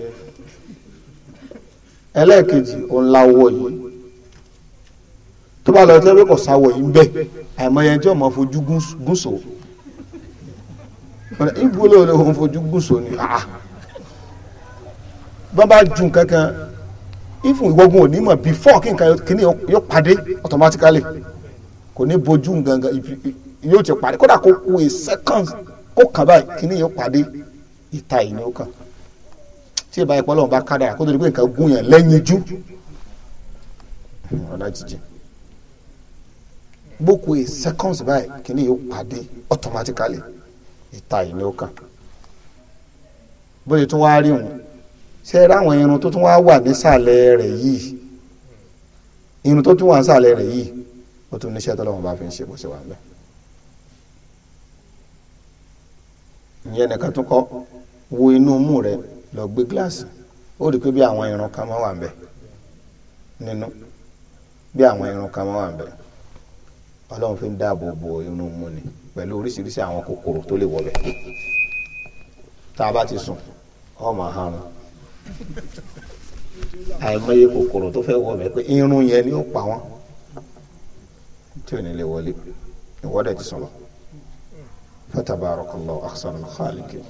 ẹlẹ́ẹ̀kejì òun la wọ yìí tó bá lọ tẹ́ pé kò sáwọ̀ yìí ń bẹ àìmọye ẹni tí ọmọ fojú gúnso ibo lóore òun fojú gúnso ni ah bọ́n bá ju nǹkan kan ifun ìwọ́gun òní mọ̀ before kí nǹkan kìíní yóò pàdé automatically kò ní bojú gangan yóò ti pàdé kódà kó kú a second kó kàn báyìí kìíní yóò pàdé ìta ìní ó kàn tí ìbá ẹ̀pọ̀ lọ́wọ́ bá kádàrà kó tó di pé nǹkan gún yàn lẹ́yìn jú ọ̀nà jíjì gbókù a second báyìí kìíní yóò pàdé automatically ìta ìní ó kàn bóyá tó wá rí òun ṣe é ráwọn irun tó tún wá wà nísàlẹ̀ rẹ̀ yìí irun tó tún wà nísàlẹ̀ rẹ̀ yìí ó tún níṣẹ́ tọ́lọ́wọ́n bá fi ń ṣe bó ṣe wà ńlẹ̀. ìyẹn nìkan tó kọ́ wo inú mú rẹ lọ gbé gíláàsì ó rí i pé bí àwọn irun kan máa wà ń bẹ nínú bí àwọn irun kan máa wà ń bẹ ọlọ́run fi ń dáàbò bo inú mú ni pẹ̀lú oríṣiríṣi àwọn kòkòrò tó lè wọbẹ̀ tá a bá ti sùn ọmọ àrùn àìmọye kòkòrò tó fẹ́ wọ̀ mí pé irun yẹn ni ó pa wọ́n tí ò ní lè wọlé ìwọ́dẹ̀ ti sọ̀rọ̀ fatabarakallahu ahsanul khaliqin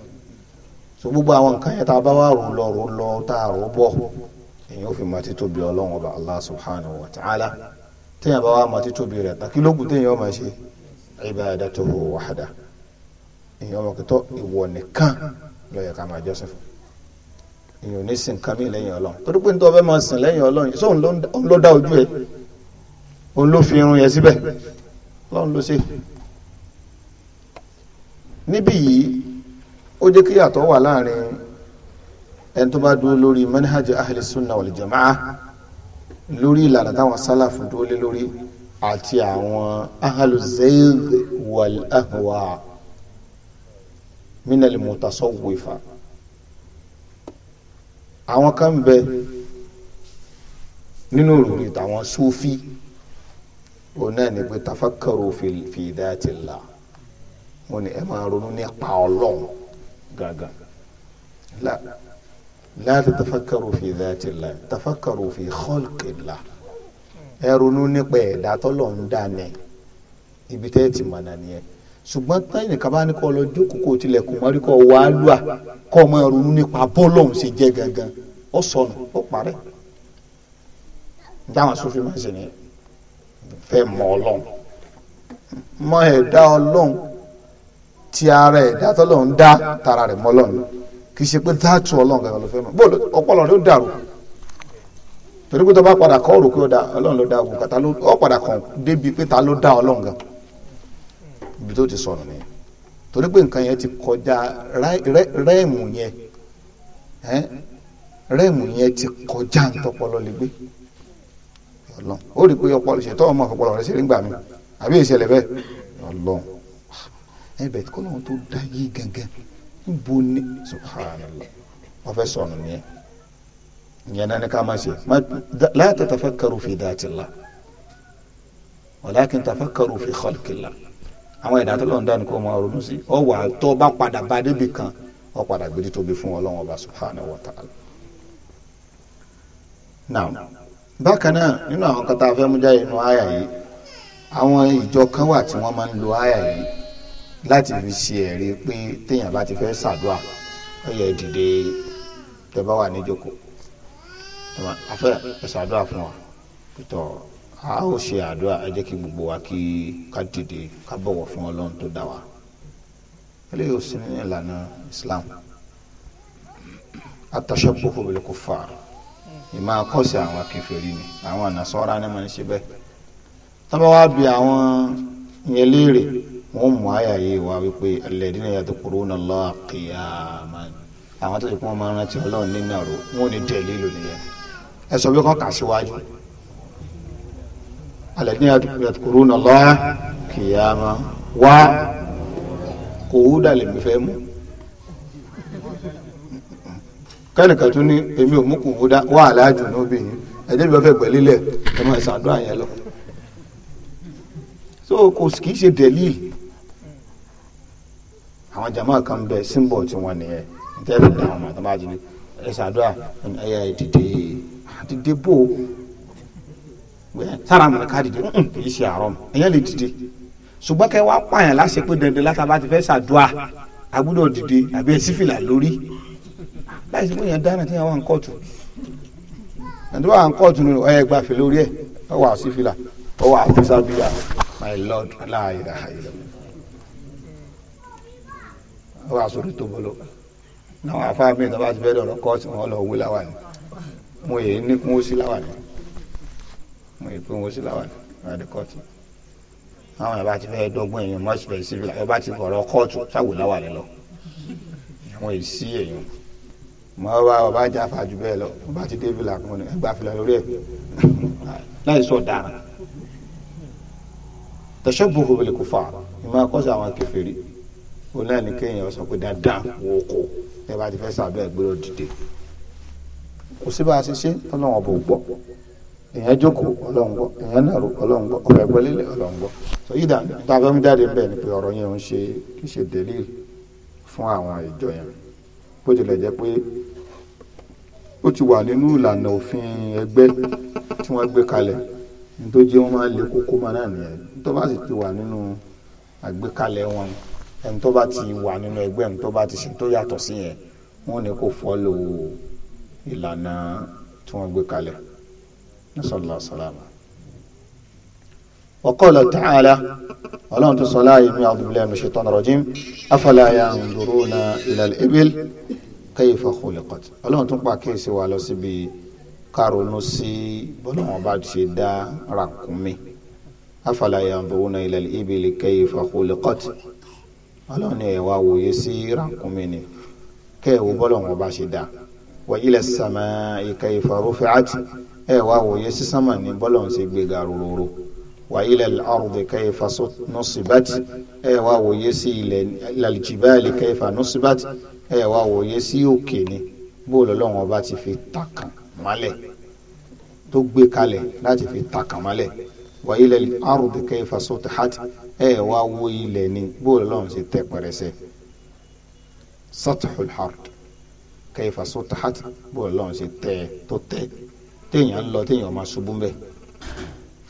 so gbogbo àwọn nǹkan yẹn tá a bá wà rò lọ rò lọ tá a rò bọ̀ èyí ò fi mọ títóbi ọlọ́run ọba allah subhanahu wa ta'ala téèyàn bá wà mọ títóbi rẹ̀ tán kí lókun téèyàn máa ṣe ibadatuhu wahda èyí ọmọ kìtọ́ ìwọ nìkan ló yẹ ká máa jọ́sìn fún èèyàn ò ní sìn kámi lẹ́yìn ọlọ́run torí pé nítorí ọbẹ̀ máa sìn lẹ́yìn ọlọ́run sóun ló dá ojú ẹ òun ló fi irun yẹn síbẹ̀ ọlọ́run ló ṣe. níbí yìí ó jẹ́ kí yàtọ̀ wà láàrin ẹni tó bá dúró lórí manhaj ahli sunna wal jamaa lórí ìlànà táwọn sálàfù dúró lé lórí àti àwọn ahlu zayg wal ahwa minal mutasawwifa àwọn kan bẹ nínú òròrí tàwọn sufi òun náà ni pé tafakkaru fi dhati Allah wọn ni ẹ máa ronú nípa ọlọ́run gàgàn la la tatafakkaru fi dhati Allah tafakkaru fi khalqi Allah ẹ ronú nípa ẹ̀dá tọ́lọ́run dání ibi tẹ́ ẹ ti mọ̀nà nìyẹn ṣùgbọ́n táyìn kan bá ní kọ́ lọ jókòó kó tilẹ̀ kò mọ́rí kọ́ wàá lùà kọ́ ọmọ ronú nípa bọ́ọ̀lọ́hún ṣe jẹ́ gangan ó sọnù ó parẹ́ dáhùn sófin máa ń ṣe nìyẹn fẹ́ mọ ọlọ́run mọ ẹ̀dá ọlọ́run ti ara ẹ̀dá tọ́lọ́run dá tara rẹ̀ mọ ọlọ́run kì í ṣe pé dáàtú ọlọ́run kankan ló fẹ́ mọ bóòlù ọpọlọ rẹ dàrú torí pé tó bá padà kọ́ òrò pé ọlọ́run ló dá òkú kàtà ló ó padà kàn débi pé ta ló dá ọlọ́run gan ibi tó ti sọnù nìyẹn torí pé nǹkan yẹn ti kọjá rẹ́ẹ̀mù yẹn rẹ́ẹ̀mù yẹn ti kọjá ntọ́pọlọ lè gbé ọlọ́n ó rí i pé ọpọlọ ṣètò ọmọ ọpọlọ rẹ ṣe rí gbà mí àbí ìṣẹ̀lẹ̀ bẹ́ẹ̀ ọlọ́n ẹbẹ̀ kọ́ lóun tó dá yí gẹ́gẹ́ níbo ni subhanallah wọ́n fẹ́ sọnù nìyẹn ìyẹn náà ni ká má ṣe la tatafakkaru fi dhati Allah walakin tafakkaru fi khalqillah àwọn ẹ̀dá tó lọ́n dání kó máa ronú sí ọ wà tó bá padà bá débi kan ọ padà gbèdé tóbi fún ọlọ́run ọba subhanahu wa ta'ala. now bákan náà nínú àwọn kan tá a fẹ́ mú jáde nínú àyà yìí àwọn ìjọ kan wà tí wọ́n máa ń lo àyà yìí láti fi ṣe ẹ̀rí pé téèyàn bá ti fẹ́ ṣàdúrà ó yẹ dìde tẹ́ bá wà níjókòó àfẹ́ ṣàdúrà fún wa pẹ̀tọ́ a ó ṣe àdúrà ẹ jẹ́ kí gbogbo wa kí ká dìde ká bọ̀wọ̀ fún ọlọ́run tó dá wa eléyìí ò sí nínú ìlànà Islam atashabbuhu bil kuffar ìmọ̀ akọ́sí àwọn kèfèrí ni àwọn ànàsọ́ra ni wọ́n ń ṣe bẹ́ẹ̀ tọ́ba wa bi àwọn yẹn léèrè wọ́n mú àyà yìí wá wípé alladhina yadhkuruna Allaha qiyaman àwọn tó ti pọ́n máa ń rántí ọlọ́run nínú àrò wọn ò ní tẹ̀lé lónìí yẹn ẹ sọ pé kàn kà síwájú alladhina yadhkuruna Allaha qiyaman wá kò wú dàlẹ́ mi fẹ́ mú kẹ́nìkan tún ní èmi wa mú kò wú dá wà aláàjù náà bìyìn ẹ̀jẹ̀ mi bá fẹ́ gbẹ̀lélẹ̀ ẹ̀ máa ṣàdúrà yẹn lọ so kò kì í ṣe dẹ̀líl àwọn jama kan bẹ símbọ̀ tí wọ́n nìyẹn nítorí ẹ̀fọ́ dáhùn àtàmájì ní ẹ̀ṣàdúrà ẹ̀yà ìdìde àdìde bò sára mọ̀ ká dìde kì í ṣe àárọ̀ ẹ̀yẹ́ lè dìde ṣùgbọ́n kẹ́ wá pààyàn láṣẹ pé dandan látàbá ti fẹ́ ṣàdúà agbọ́dọ̀ dìde àbí ẹsí fìlà lórí láì sí bóyá dáná tí wọ́n wà ń kóòtù ẹni tó wà ń kóòtù ni ọ̀yẹ́ gba fìlà orí ẹ̀ ọ wà sí fìlà ọ wà sí sábìyà my lord aláàyè ọ wà sórí tó bolo náà wà fáwọn mi ìtọ́ bá ti fẹ́ dọ̀rọ̀ kóòtù wọn lọ wí láwàní mo yẹ ní kún ó sí láwàní mo yẹ pé wọ́n sì làwọn àdé kóòtù àwọn yàrá ti fẹ́ dọ́gbọ́n èèyàn mọ́ síbẹ̀ síbi làwọn bá ti fọ̀rọ̀ kóòtù sáwò làwọn àlẹ́ lọ àwọn èsì èèyàn mọ wa ọba jà fàájú bẹ́ẹ̀ lọ ọba ti dé fìlà kan ẹgbà fìlà lórí ẹ̀ láì sọ dára tashabbuhu bil kufar ìmọ̀ akọ́sọ̀ àwọn kèfèrí ó náà ní kéèyàn sọ pé dandan wò ó kó ẹ bá ti fẹ́ sàbẹ̀ gbèrò dìde kò sí bá a ṣe ṣe tọ́lọ́wọ́n bò gbọ́ èèyàn jókòó ọlọ́run gbọ́ èèyàn nàró ọlọ́run gbọ́ ọ̀rọ̀ ẹ̀gbọ́n lílẹ̀ ọlọ́run gbọ́ so yídà tá a fẹ́ mú jáde bẹ́ẹ̀ ni pé ọ̀rọ̀ yẹn ń ṣe kì í ṣe délé fún àwọn ìjọ yẹn bó tilẹ̀ jẹ́ pé ó ti wà nínú ìlànà òfin ẹgbẹ́ tí wọ́n gbé kalẹ̀ nítorí jẹ́ wọ́n máa le kókó máa náà nìyẹn nítorí bá sì ti wà nínú àgbékalẹ̀ wọn ẹni tó bá ti wà nínú ẹgbẹ́ ẹni tó bá ti ṣe tó yàtọ̀ sí yẹn wọ́n ní kò fọ́lò ìlànà tí wọ́n gbé kalẹ̀ نسأل الله السلامة وقال تعالى ولم تصل من أعوذ بالله من الشيطان الرجيم أفلا ينظرون إلى الإبل كيف خلقت ولم تنقع كيسي وعلى سبي كارونوسي بلون بعد سيدا رانكومي أفلا ينظرون إلى الإبل كيف خلقت ولم يواو يسي رانكومي كيف بلون بعد سيدا وإلى السماء كيف رفعت ẹ wá wòye sí sánmà ni bọ́lọ̀ ń ṣe gbéga rororo wa ilal ardi kayfa nusibat ẹ wá wòye sí ilẹ̀ ilal jibali kayfa nusibat ẹ wá wòye sí òkè ni bóòlù ọlọ́run ọba ti fi takàn málẹ̀ tó gbé kalẹ̀ láti fi takàn málẹ̀ wa ilal ardi kayfa sutihat ẹ wá wo ilẹ̀ ni bóòlù ọlọ́run ti tẹ́ pẹrẹsẹ sathul ard kayfa sutihat bóòlù ọlọ́run ti tẹ́ tó tẹ́ téèyàn lọ téèyàn máa ṣubú mbẹ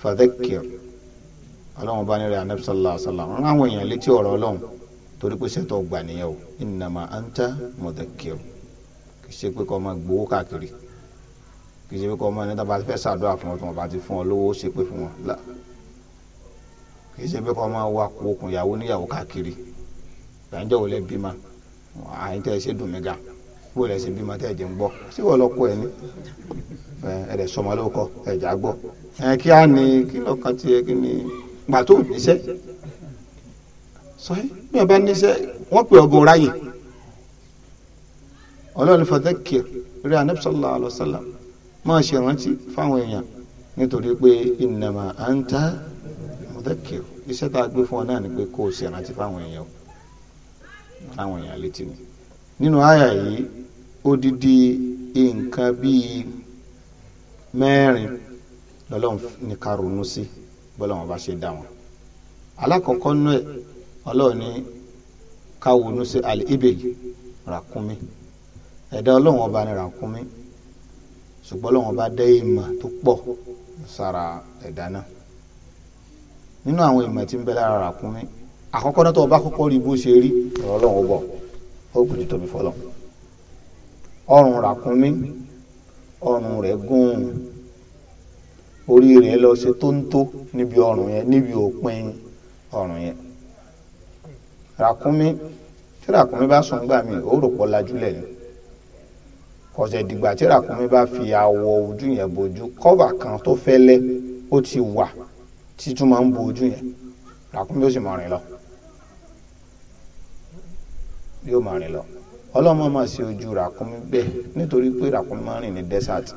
fàdékìr ọlọ́run bá nírẹ̀ anabi sallallahu alayhi wa sallam ń àwọn èèyàn létí ọ̀rọ̀ ọlọ́run torí pé sẹ́tọ̀ gbà nìyẹn o innama anta mudhakkir kì í ṣe pé kọ́ ọmọ gbowó káàkiri kì í ṣe pé kọ́ ọmọ níta bá fẹ́ ṣàdúrà fún ọ tí wọ́n bá ti fún ọ lówó ṣe pé fún wọn là kì í ṣe pé kọ́ ọmọ wa kó okùn ìyàwó níyàwó káàkiri gbàǹjẹ́ wò lẹ bímọ àyíntẹ́ ṣe dùn mí ga wò lẹ ṣe bímọ tẹ́ ẹ̀ jẹ́ ń gbọ́ ṣé lọ kó ẹ ní ẹ̀rẹ̀ sọmọ ló kọ ẹ̀já gbọ́ ẹ̀ kí á ní kí lọ́kàn tiẹ̀ kí ni gbà tó níṣẹ́ sọ́yìn bí wọ́n bá níṣẹ́ wọ́n pè ọgbọ̀n ráyè ọlọ́run fadhakkir rí anabi sallallahu alaihi wasallam máa ṣe ìrántí fáwọn èèyàn nítorí pé innama anta mudhakkir iṣẹ́ tá a gbé fún ọ náà ni pé kó o ṣe ìrántí fáwọn èèyàn fáwọn èèyàn létí ni nínú àyà yìí odidi nǹkan bíi mẹ́rin lọ́lọ́run ní ká ronú sí bọ́lọ́run bá ṣe dá wọn alákọ̀ọ́kọ́ nú ẹ̀ ọlọ́run ní ká ronú sí al-ibil ràkúnmí ẹ̀dá ọlọ́run ọba ní ràkúnmí ṣùgbọ́n ọlọ́run ọba dá ìmọ̀ tó pọ̀ sára ẹ̀dá náà nínú àwọn ìmọ̀ tí ń bẹ lára ràkúnmí àkọ́kọ́ náà tó o kọ́kọ́ rí bó ṣe rí ọlọ́run ọbọ̀ ó gbèdé tóbi fọlọ́ ọrùn ràkúnmí ọrùn rẹ̀ gùn orí rẹ̀ lọ ṣe tóńtó níbi ọrùn yẹn níbi òpin ọrùn yẹn ràkúnmí tí ràkúnmí bá sùn gbà mí ó rò pọ̀ lajúlẹ̀ ni kọ̀sẹ̀ dìgbà tí ràkúnmí bá fi awọ ojú yẹn bojú kọ́bà kan tó fẹ́lẹ́ ó ti wà títún máa ń bo ojú yẹn ràkúnmí ó sì máa lọ yóò máa lọ ọlọ́mọ máa ṣe ojú ràkúnmí bẹ́ẹ̀ nítorí pé ràkúnmí máa rìn ní desert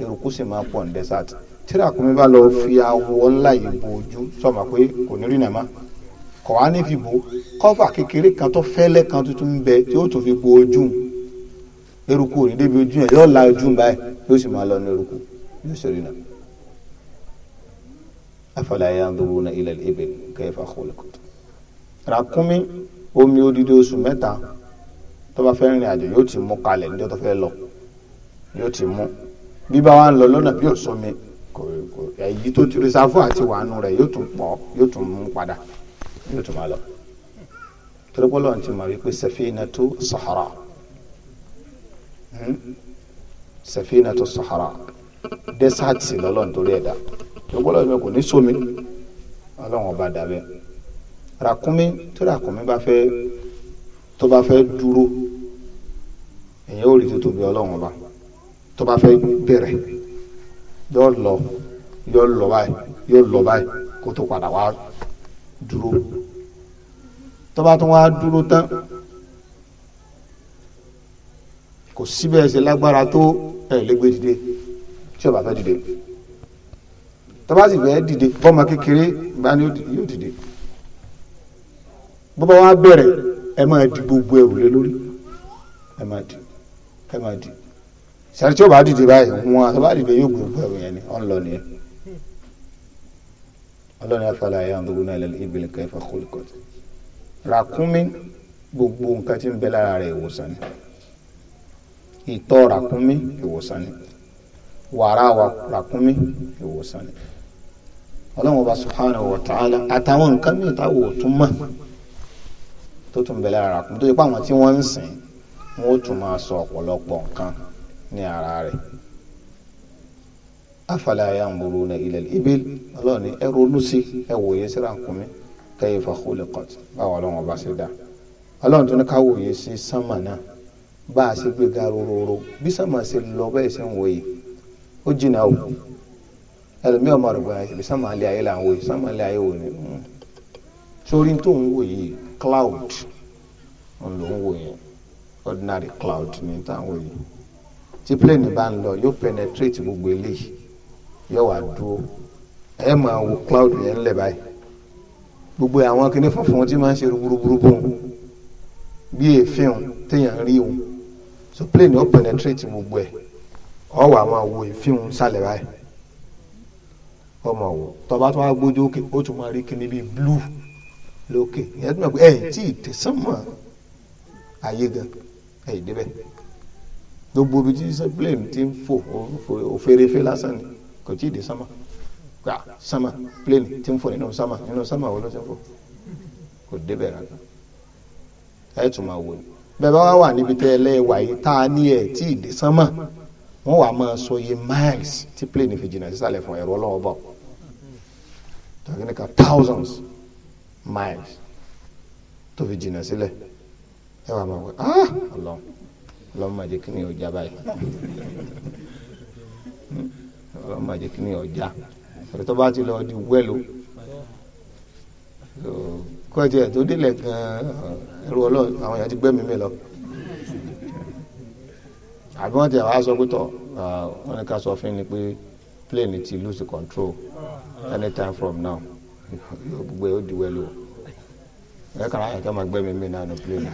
eruku sì máa pọ̀ ní desert tí ràkúnmí bá lọ fi awọ ńlá yìí bo ojú sọ̀mà pé kò ní rìnà má kọ̀ wá ní fìbò kọ́fà kékeré kan tó fẹ́lẹ́ kan tuntun ń bẹ tí ó tún fi bo ojú eruku ò débi ojú yẹn yóò la ojú báyìí yóò sì máa lọ ní eruku yóò ṣe rìnà. afala yanzuruna ila al-ibil kayfa khuliqat ràkúnmí omi odidi oṣù mẹ́ta tó bá fẹ́ rìnrìn àjò yóò ti mú kalẹ̀ níjọ́ tó fẹ́ lọ yóò ti mú bí bá wa ń lọ lọ́nà bí ò sómi kò kò èyí tó ti resáfù àti wàánu rẹ̀ yóò tún pọ̀ yóò tún mú padà yóò tún máa lọ torípọ́lọ́ ti mọ̀ wípé safinatu sahara hmm? safinatu sahara dẹ́sáàtì lọ́lọ́run torí ẹ̀dá torípọ́lọ́ mi kò ní sómi ọlọ́run ọba dàbẹ́ ràkúnmí tó ràkúnmí bá fẹ́ tó bá fẹ́ dúró èyàn ò rí títóbi ọlọ́run ọba tó bá fẹ́ bẹ̀rẹ̀ yóò lọ yóò lọ báyìí yóò lọ báyìí kó tó padà wá dúró tó bá tún wá dúró tán kò síbẹ̀ ẹsẹ̀ lágbára tó ẹ̀ lẹ́gbẹ̀ẹ́ dìde tí ó bá fẹ́ dìde tó bá sì fẹ́ dìde bọ́mọ kékeré bá yóò dìde bó wá bẹ̀rẹ̀ ẹ máa di gbogbo ẹrù lé lórí ẹ máa di ẹ máa di sẹ́ni tí ó bá dìde báyìí wọn àti bá dìde yóò gbogbo ẹrù yẹn ni ọ̀n lọ nìyẹn ọlọ́ni afala yanzuruna ila al-ibili kayfa khuliqat ràkúnmí gbogbo nǹkan tí ń bẹ lára rẹ̀ ìwòsàn ni ìtọ̀ ràkúnmí ìwòsàn ni wàrà ràkúnmí ìwòsàn ni ọlọ́run ọba subhanahu wa àtàwọn nǹkan mìíràn táwọn ò tún mọ̀ tó tún bẹ lára ràkúnmí tó yẹ pé àwọn tí wọ́n ń sìn wọ́n ó tún máa sọ ọ̀pọ̀lọpọ̀ nǹkan ní ara rẹ̀ afala yanzuruna ila al-ibil Ọlọ́run ni ẹ ronú sí ẹ wòye sí ràkúnmí kayfa khuliqat báwo Ọlọ́run ọba ṣe dá Ọlọ́run tó ní ká wòye sí sánmà náà bá a ṣe gbéga rororo bí sánmà ṣe lọ bẹ́ẹ̀ ṣe ń wòye ó jìnnà o ẹlòmíì ọmọ rẹ gbọ́dọ̀ ibi sánmà alẹ ayé là ń wòye sánmà alẹ ayé wò ni hmm. sórí tó ń wòye yìí cloud òun ń wò yẹn ordinary cloud ní táwọn yìí tí plane bá ń lọ yóò penetrate gbogbo eléyìí yóò wá dúró ẹ máa wo cloud yẹn ńlẹ̀ báyìí gbogbo àwọn kinní funfun tí máa ń ṣe rúburúburú bò ń bí èéfín téèyàn rí òun so plane yóò penetrate gbogbo ẹ̀ ọ wà máa wo èéfín sálẹ̀ báyìí ọmọ wò tọba tó wá gbójú ó tún máa rí kinní bíi blue lókè ìyẹn tó mọ̀ pé ẹ̀ tí ì tẹ̀sán mọ̀ ayé gan ẹ̀ débẹ̀ gbogbo ibi tí plane ti ń fò òfèrèfé lásán ni kò tí ì dé sánmà gbà sánmà plane ti ń fò nínú sánmà nínú sánmà wo ló ti ń fò kò débẹ̀ rárá ẹ̀ tún máa wò ni bẹ́ẹ̀ bá wà níbi tẹ́ ẹ lẹ́wà yìí tá a ní ẹ̀ tí ì dé sánmà wọ́n wà máa sọ iye miles tí plane fi jìnnà sísàlẹ̀ fún ẹ̀rọ ọlọ́wọ́ bọ̀ tàbí ní ka thousands miles tó fi jìnnà sílẹ̀ ẹ wà máa wẹ ah Ọlọ́run Ọlọ́run máa jẹ kí ni ọjà báyìí Ọlọ́run máa jẹ kí ni ọjà tó bá ti lọ di wẹlo kó ẹ tiẹ̀ tó délẹ̀ gan ẹrú Ọlọ́run àwọn èèyàn ti gbẹmí mi lọ àbí wọn ti àwọn aṣọ pẹtọ wọn ni ká sọ fún mi pé plane ti lose control anytime from now. gbogbo yóò di wẹ́lú ẹ kàrà yẹ na máa gbẹ́mí mi náà nù plane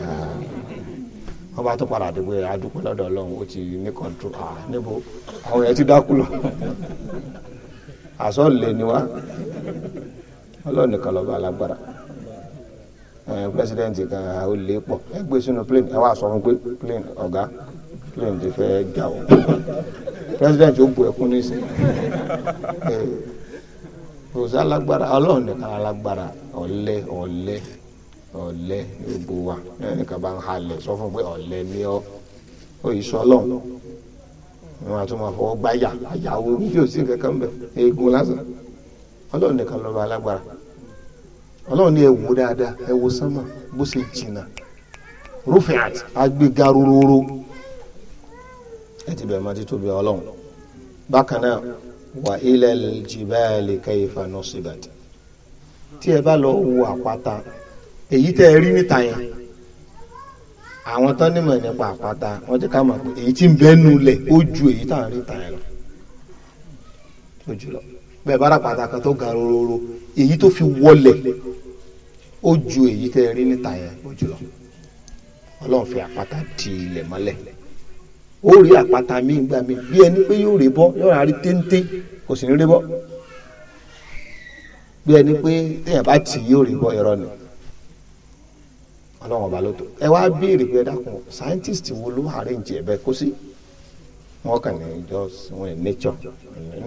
wọ́n bá tó padà dìbò yẹ adúpẹ́ lọ́dọ̀ ó ti ní kọ́ńtró à níbo àwọn yẹn ti dákú lọ lè ní wa lọ́ba alágbára kan ó pọ̀ ẹ gbé sínú ẹ wá sọ o ó bu ẹkún rosa alágbára ọlọ́run nìkan alágbára ọ̀lẹ ọ̀lẹ ọ̀lẹ gbogbo wa ẹnìkan bá ń halẹ̀ sọ fún pé ọ̀lẹ ni ọ ó yìí sọ ọlọ́run wọn àti wọn fọwọ́ gbáyà àyàwó orí òsì kankan bẹ eegun lásán ọlọrun nìkan lọ́ba alágbára ọlọrun ní ẹ dáadáa sánmà bó ṣe jìnnà rúfin àti rúrúrú ẹ wà ilẹ̀ jìbáàlì kẹfà nọ́sibàtì tí ẹ bá lọ wo àpáta èyí tẹ́ ẹ rí níta yẹn àwọn tán nímọ̀ nípa àpáta wọ́n ti ká mọ̀ pé èyí tí ń bẹ́nu lẹ̀ ó ju èyí tá à ń rí ta yẹn lọ ó jù lọ bẹ́ẹ̀ bá ràpàtà kan tó ga rororo èyí tó fi wọlẹ̀ ó ju èyí tẹ́ ẹ rí níta yẹn ó jù lọ ọlọ́run fi àpáta di ilẹ̀ mọ́lẹ̀ ó rí àpáta mi gbà mí bí ẹni pé yóò rè bọ́ yóò rárí téńté kò sì ní rè bọ́ bí ẹni pé téèyàn bá tì yóò rè bọ́ irọ́ ni ọlọ́run ọba ló tó ẹ wá béèrè pé ẹ dákun scientist wo ló arrange ẹ bẹ́ẹ̀ kó sí wọn kàn ní just wọn ní nature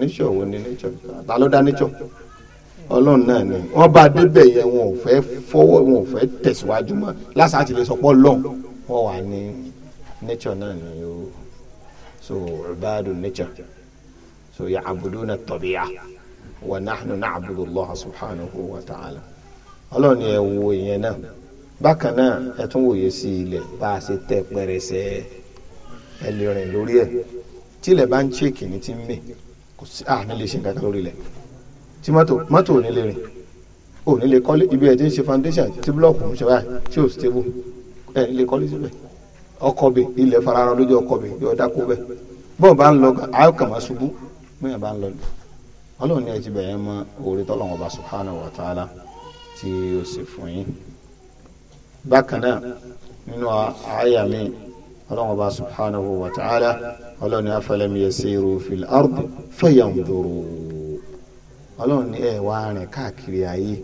nature wo ni nature ta ló dá nature ọlọ́run náà ni wọ́n bá débẹ̀ yẹn wọn ò fẹ́ fọwọ́ wọn ò fẹ́ tẹ̀síwájú mọ́ lásán àti lè sọ pé ọlọ́run wà ní nature náà ni o so ibadu nature so ya'buduna at-tabi'a wa nahnu na'budu Allah subhanahu wa ta'ala ọlọ́run ni ẹ wo ìyẹn náà bákan náà ẹ tún wòye sí ilẹ̀ bá a ṣe tẹ̀ pẹrẹsẹ ẹ lè rìn lórí ẹ̀ tí bá ń ṣe kìíní tí ń mì kò sí àmì lè ṣe nǹkan lórí ilẹ̀ tí mọ́tò mọ́tò ò ní lè rìn ò ní lè kọ́lé ibi ẹ̀ tí ń ṣe foundation tí búlọ̀kù ń ṣe báyìí tí ò stable ẹ̀ ní lè kọ́lé síbẹ̀ ọkọ bi ilẹ̀ fararọ lójú ọkọ bi yọ dákú bẹ bọ́ọ̀ bá ń lọ ayọ̀ kàmá ṣubú bóyá bá ń lọ lọ ọlọ́run ní ẹtì bẹ̀yẹn mọ orí tọ́lọ́wọ́n bá subhanahu wa ta'ala tí ó sì fún yín bákan náà nínú àyà mi ọlọ́run bá subhanahu wa ta'ala ọlọ́run ní afalam yasiru fil ardi fayanzuru ọlọ́run ní ẹ̀ wá rìn káàkiri ayé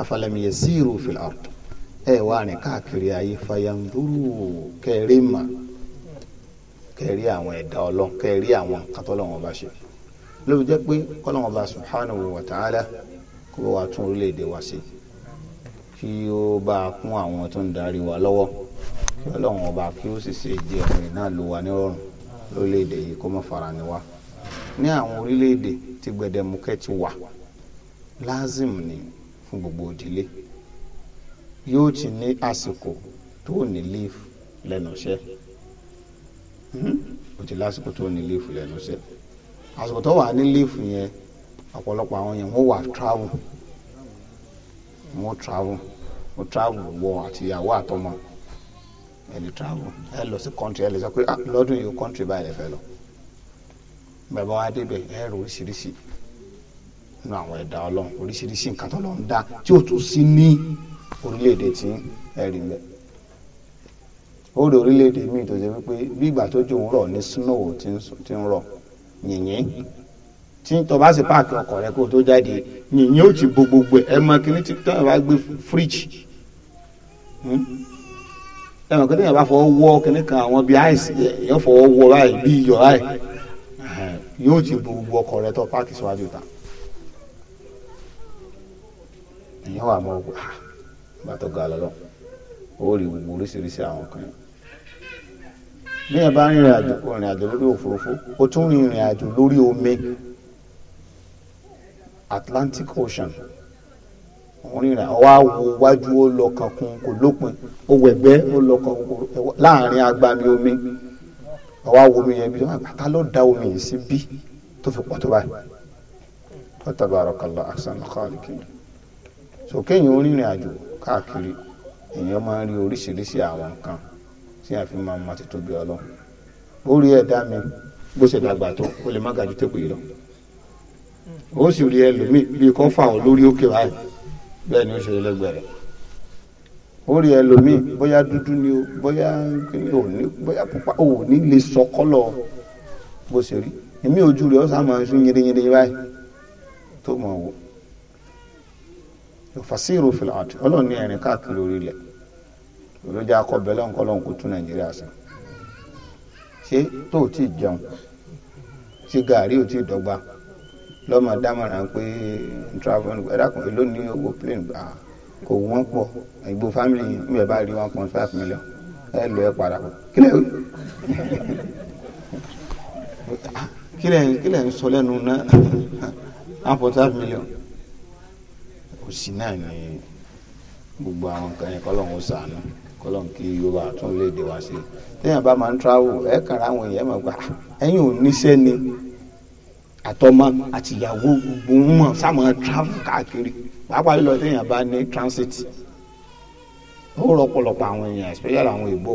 afalam yasiru fil ardi ẹ wá rìn káàkiri ayé fayandúró kẹrí mà kẹrí àwọn ẹ̀dá ọlọ́run kẹrí àwọn nǹkan tọ́lọ́run bá ṣe lóbi jẹ́ pé kọ́lọ́run bá subhanahu wa ta'ala kó bá wa tún orílẹ̀-èdè wa ṣe kí ó bá a kún àwọn tó ń darí wa lọ́wọ́ kí ọlọ́run ọba kí ó sì ṣe ìdí ọ̀rìn náà ló wa nírọ̀rùn lórílẹ̀‐èdè yìí kó má fara ni wa ní àwọn orílẹ̀‐èdè tí gbẹdẹmukẹ́ ti wà lázìm ni fún gbogbo òdílé yóò ti ní àsìkò tó ní leaf lẹ́nu iṣẹ́ o hmm? ti lásìkò tó ní leave lẹ́nu iṣẹ́ àsìkò tó wà ní leave yẹn ọ̀pọ̀lọpọ̀ àwọn yẹn wọ́n wà travel wọ́n travel wọ́n travel wọ àtìyàwó àtọmọ ẹni travel ẹ lọ sí country ẹ lè sọ pé ah, lọ́dún yìí country báyìí lè fẹ́ lọ bàbá wa débẹ̀ ẹ rò oríṣiríṣi nínú àwọn ẹ̀dá ọlọ́run oríṣiríṣi nǹkan tó dá tí tún orílẹ̀-èdè tí ẹ rí mbẹ́ ó rí orílẹ̀-èdè míì tó ṣe wípé bí ìgbà tó jò ń rọ̀ ní snow ti ń rọ̀ yìnyín tí tó bá sì páàkì ọkọ̀ rẹ kó tó jáde yìnyín ó ti bo gbogbo ẹ mọ kíní tí tó bá gbé fíríjì hmm? ẹ mọ kíní bá fọwọ́ wọ kíní kan àwọn bíi àìsí yóò fọwọ́ wọ báyìí bíi iyọ̀ báyìí yóò ti bo gbogbo ọkọ̀ rẹ tó páàkì síwájú ta èyí wà mọ́ ọgbà gbàtọ ga lọlọ ó rí gbogbo oríṣiríṣi àwọn kan bí ẹ bá rìnrìn àjò rìnrìn àjò lórí òfurufú ó tún rìnrìn àjò lórí omi Atlantic Ocean rìnrìn àwa wo wájú ó lọ kankun kò lópin ó wẹgbẹ ó lọ kankun láàrin agbami omi àwa wo omi yẹn bí wọn ah, àgbàtà ló da omi yìí sí bí tó fi pọ̀ tó báyìí tabarakallah ahsanul khaliqin so kéèyàn ó rìnrìn àjò káàkiri èèyàn máa ń rí oríṣiríṣi àwọn nǹkan tí a fi máa ń mọ títóbi ọlọ́run ó rí ẹ̀dá mi bó ṣe dàgbà tó ó lè má gàjú é lọ ó sì rí ẹlòmíì bíi kó fà ọ́ lórí òkè báyìí bẹ́ẹ̀ ni ó ṣe lẹ́gbẹ̀ẹ́ rẹ̀ ó rí ẹlòmíì bóyá dúdú ni o bóyá òní bóyá pupa òní lè sọ kọ́lọ̀ bó ṣe rí èmi ojú rẹ̀ ó sá máa ń sún yinrinyinrin báyìí tó mọ̀ wò fasiru fil ard ọlọ́run ní ẹ̀rìn káàkiri lórí ilẹ̀ olójà akọ bẹ́lẹ̀ ńkọ́ lọ́hùn kó tún nàìjíríà sí ṣé tó o ti jẹun ṣé gàárì ò ti dọ́gba lọ́mọ dámọ̀ràn pé travel ẹ̀dàkùn èló ní owó plane gbà kò wọ́n pọ̀ ìgbò family ń bẹ̀ bá rí one point five million ẹ lọ ẹ padà bọ̀ kílẹ̀ kílẹ̀ kílẹ̀ ń sọ lẹ́nu náà one point five million kù sí náà ni gbogbo àwọn nǹkan yẹn kọ́lọ́hún ó sànú kọ́lọ́hún kí yorùbá tún lè dé wá sí i téèyàn bá máa ń travel ẹ kàrà àwọn èèyàn máa gbà ẹ̀yin ò níṣẹ́ ni àtọmọ àtìyàwó gbogbo ń mọ̀ sáwọn travel káàkiri pàápàá lílọ téèyàn bá ní transit ó rọpọlọpọ àwọn èèyàn especially àwọn ìbò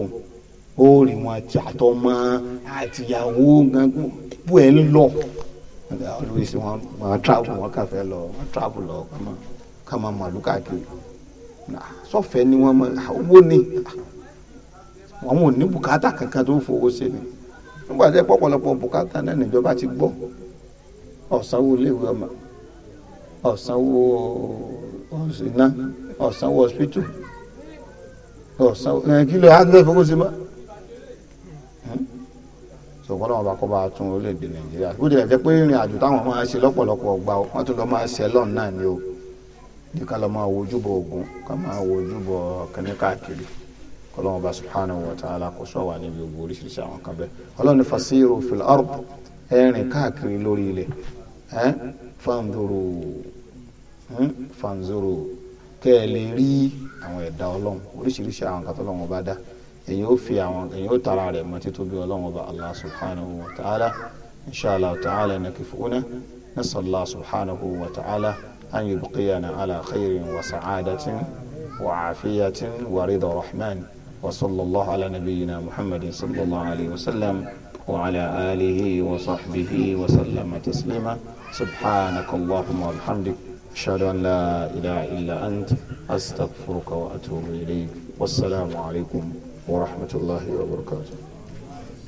ó rí wọn àti àtọmọ àtìyàwó gangan bó ẹ ń lọ always wọn travel wọn kàfẹ́ lọ wọn travel lọ kọ́mọ ká máa màlúù káàkiri sọfẹ ni wọn mọ owó ni àwọn ò ní bùkátà kankan tó ń fowó ṣe ni nígbà tí pọpọlọpọ bùkátà náà níjọba ti gbọ́ ọ̀sánwó iléèwé ọmọ ọ̀sánwó ọ̀sìnà ọ̀sánwó hospital ọ̀sánwó ẹ̀ kí ló hágẹ́ fowó ṣe mọ́ hmm? sọ̀kọ́ lọ́wọ́ bá kọ́ bá tún orílẹ̀-èdè nàìjíríà bó tilẹ̀ jẹ́ pé ìrìn àjò táwọn máa ṣe lọ́pọ̀lọpọ̀ gbà wọ́n tún lọ́ máa ṣẹlọ́ọ̀ náà ni o bí ká lọ máa wojú bọ Ògún ká máa wojú bọ kẹne káàkiri kọlọ́wọ́n bá subhanahu wa ta'ala kò sọ wà níbi gbogbo oríṣiríṣi àwọn kan bẹ́ẹ̀ ọlọ́run ní fasiru fil ard ẹ̀rìn káàkiri lórí ilẹ̀ ẹ̀ fanzuru fanzuru kẹ́ ẹ lè rí àwọn ẹ̀dá ọlọ́run oríṣiríṣi àwọn kan tọ́lọ́run bá dá èyí ó fi àwọn èyí ó tara rẹ̀ mọ́ títóbi ọlọ́run bá allah subhanahu wa ta'ala inshallah ta'ala nakifu nasalla subhanahu wa ta'ala. أن يبقينا على خير وسعادة وعافية ورضا رحمن وصلى الله على نبينا محمد صلى الله عليه وسلم وعلى آله وصحبه وسلم تسليما سبحانك اللهم وبحمدك أشهد أن لا إله إلا أنت أستغفرك وأتوب إليك والسلام عليكم ورحمة الله وبركاته